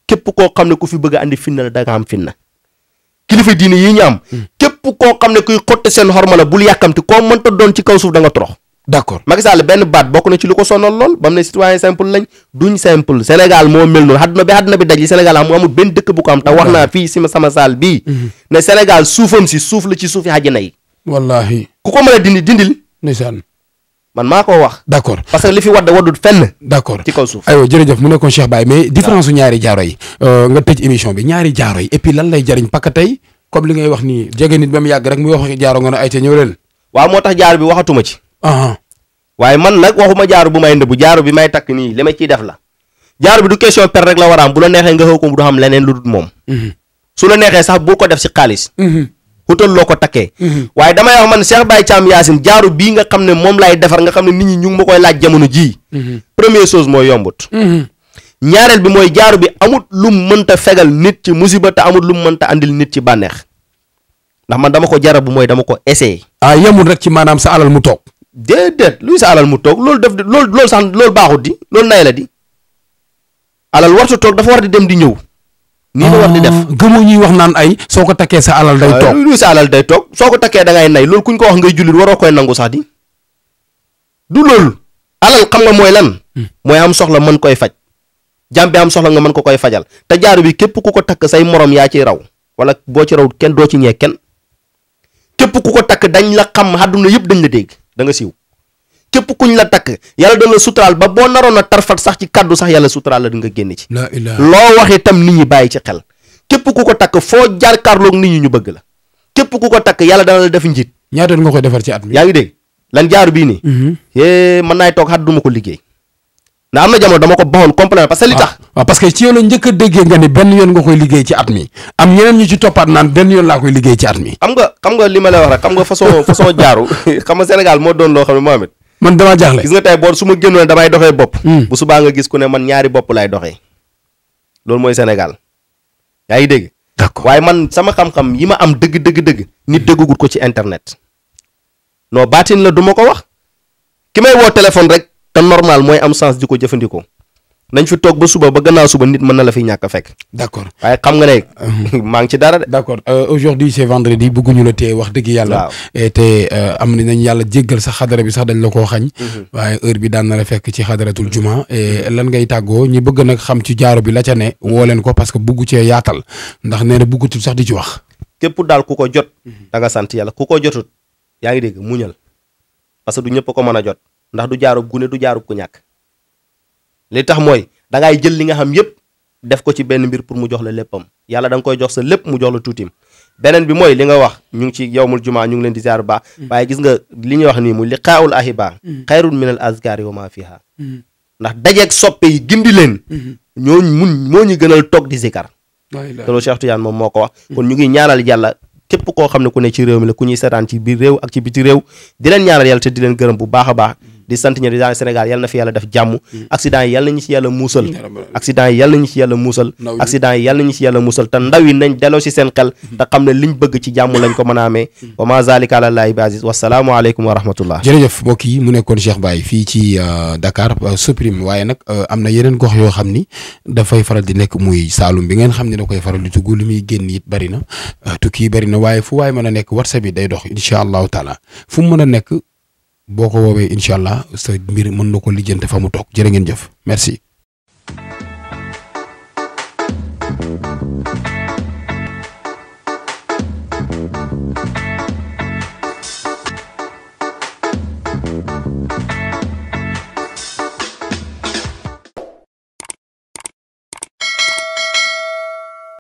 képp koo xam ne ku fi bëgg a andi finna la da nga am finna kilifa diine yi ñu am. Mm. képp koo xam ne kuy xotte seen xorma la bul ti ko mënta doon ci kaw suuf da nga torox. d' accord Macky Sall benn baat bokk na ci lu ko sonal lool ne citoyen simple lañ duñ simple Sénégal moo mel noonu àdduna bi àdduna bi daj li Sénégal am mu amul benn dëkk bu ko am te wax naa fii si sama saal bii. Mm-hmm. ne Sénégal suufam si suuf la ci suufi àjjana yi. ku ko mën dindi dindil. ndeysaan man maa koo wax. d' parce que li fi wadd waddut fenn. d' accord ci kaw suuf. aywa jërëjëf mu nekkoon Cheikh Baye euh, bi ñaari jaaro yi et puis lan lay jariñ parce que tey comme li ngay wax nii jege nit ba mu yàgg jaaro nga ne ay ca ñëw waaw moo tax jaaro bi waxatuma ci. waaye man nag waxuma jaaro bu may ndëbbu jaaro takk nii li ma ciy def la. jaaro bi du question per rek la war a am bu la neexee nga xëw ko du xam leneen lu dul moom. Mhm. su la neexee sax boo ko def si xaalis. Mhm. utal loo ko takkee mhm. waaye damay wax man Cheikh Baye Thiam Yacine jaaru bii nga xam ne moom laay defar nga xam ne nit ñi ñu ngi ma koy laaj jamono jii mhm. première sos mooy yombut mhm. ñaareel bi mooy jaaru bi amut lum mënta fegal nit ci musiba te amut lum mënta andil nit ci bànneex ndax man dama ko jarab bu mooy dama ko essayé ah yemul rek ci maanaam sa alal mu toog déedéet luy sa alal mu toog loolu def loolu loolu sax loolu baaxut di loolu nay la di alal wartu toog dafa war di dem di ñëw nii la war di def ah, gëmoo ñuy wax naan ay soo ko takkee sa alal day toog lu ah, sa alal day soo ko takkee dangay nay loolu kuñ ko wax ngay jullit waroo koy nangu sax di du loolu alal xam nga mooy lan hmm. mooy am soxla mën koy faj jàm bi am soxla nga mën ko koy fajal te jaaro bi képp ku ko takk say moroom yaa ciy raw wala boo ci raw kenn doo ci ñee kenn képp ku ko takk dañ la xam àdduna yëpp dañ la dégg da nga siiw ku ñu la takk yàlla da la suturaal ba boo naroon a tarfat sax ci kàddu sax yàlla suturaal la di nga génn ci loo wax itam nit ñi bàyyi ci xel képp ku ko takk foo jaar karloog nit ñi ñu bëgg la képp ku ko takk yàlla dana la def njiit ñaata nga koy defar ci at mi yaa ngi dégg lan jaaru bii nii é mhm. eh, mën naay toog xat duma ko liggéey ndax am na jamono dama ko baxoon complètement parce que li tax ah, waaw parce que ci yow la njëkk déggee nga ni benn yoon nga liggéey ci at mi am ñeneen ñu ci toppaat liggéey ci at mi xam nga xam nga li ma lay wax xam nga façon façon jaaru xam nga moo doon loo xam ne Mohamed man damaa jaaxle gis nga tey boo su ma génnoon damay doxee bopp. Hmm. bu subaa nga gis ku ne man ñaari bopp laay doxee. loolu mooy senegal yaa ngi dégg. d'accord waaye man sama xam-xam yi ma am dëgg dëgg dëgg. nit déggagut ko ci internet. non baatin la duma ko wax. ki may woo téléphone rek. te normal mooy am sens di ko jëfandikoo. nañ fi toog ba suba ba gannaaw suba nit mën na la fi ñàkk fekk. d' accord waaye xam nga ne. Mhm. maa ngi ci dara de. d' accord euh, aujourd'hui c'est vendredi bëgguñu la tee wax dëgg yàlla. te euh, am nañ yàlla jéggal sax xadara bi sax dañ la koo xañ. Mhm. waaye heure bi daan na la fekk ci xadaratul mhm. juma. lan ngay tàggoo ñi bëgg nag xam ci jaaro bi la ca ne. woo leen ko parce que bëggu cee yaatal ndax nee na bëggutul sax di ci wax. képp daal ku ko jot. da nga sant yàlla ku ko jotut. yaa ngi dégg muñal parce que du ñëpp ko mën a jot ndax du jaarub gune du jaarub ku ñàkk li tax mooy dangay jël li nga xam yépp def ko ci benn mbir pour mu jox la léppam yàlla da koy jox sa lépp mu jox la tuutim beneen bi mooy li nga wax ñu ngi ci yowmul jumaa ñu ngi leen di ziar baax mm. waaye gis nga li ñuy wax ni mu liqaa'ul ahiba mm. xayrun min al azkar wa ma fiha mm. ndax dajeeg soppe yi gindi leen mm-hmm. ñooñ mun moo ñu gënal toog di zikar te loolu Cheikh Tidiane moom moo ko wax kon ñu ngi ñaanal yàlla képp koo xam ne ku ne ci réew mi la ku ñuy seetaan ci bi réew ci biti réew di leen ñaanal yàlla te di leen gërëm bu baax a baax di sant ñëpp di daal Sénégal yal na fi yàlla def jàmm mm. accident yi yal nañu ci yàlla muusal accident yi yal nañu ci yàlla muusal accident yi yal nañu ci yàlla muusal te ndaw nañ deloo si seen xel mm-hmm. te xam ne liñ bëgg ci jàmm lañ ko mën a amee mm-hmm. wa ma zalika ala llahi bi aziz wa rahmatullah jërëjëf mbokk yi mu nekkoon Cheikh Baye fii ci euh, Dakar euh, supprime waaye nag euh, am na yeneen gox yoo xam ni dafay faral di nekk muy Saalum bi ngeen xam ne da koy faral di tugg li muy génn it bari na tukki yi bari na waaye fu waaye mën a nekk WhatsApp bi day dox incha allahu taala fu mu mën a nekk boo ko woowee incha allah sa mbir mën na ko lijjante fa mu toog jërë ngeen jëf merci.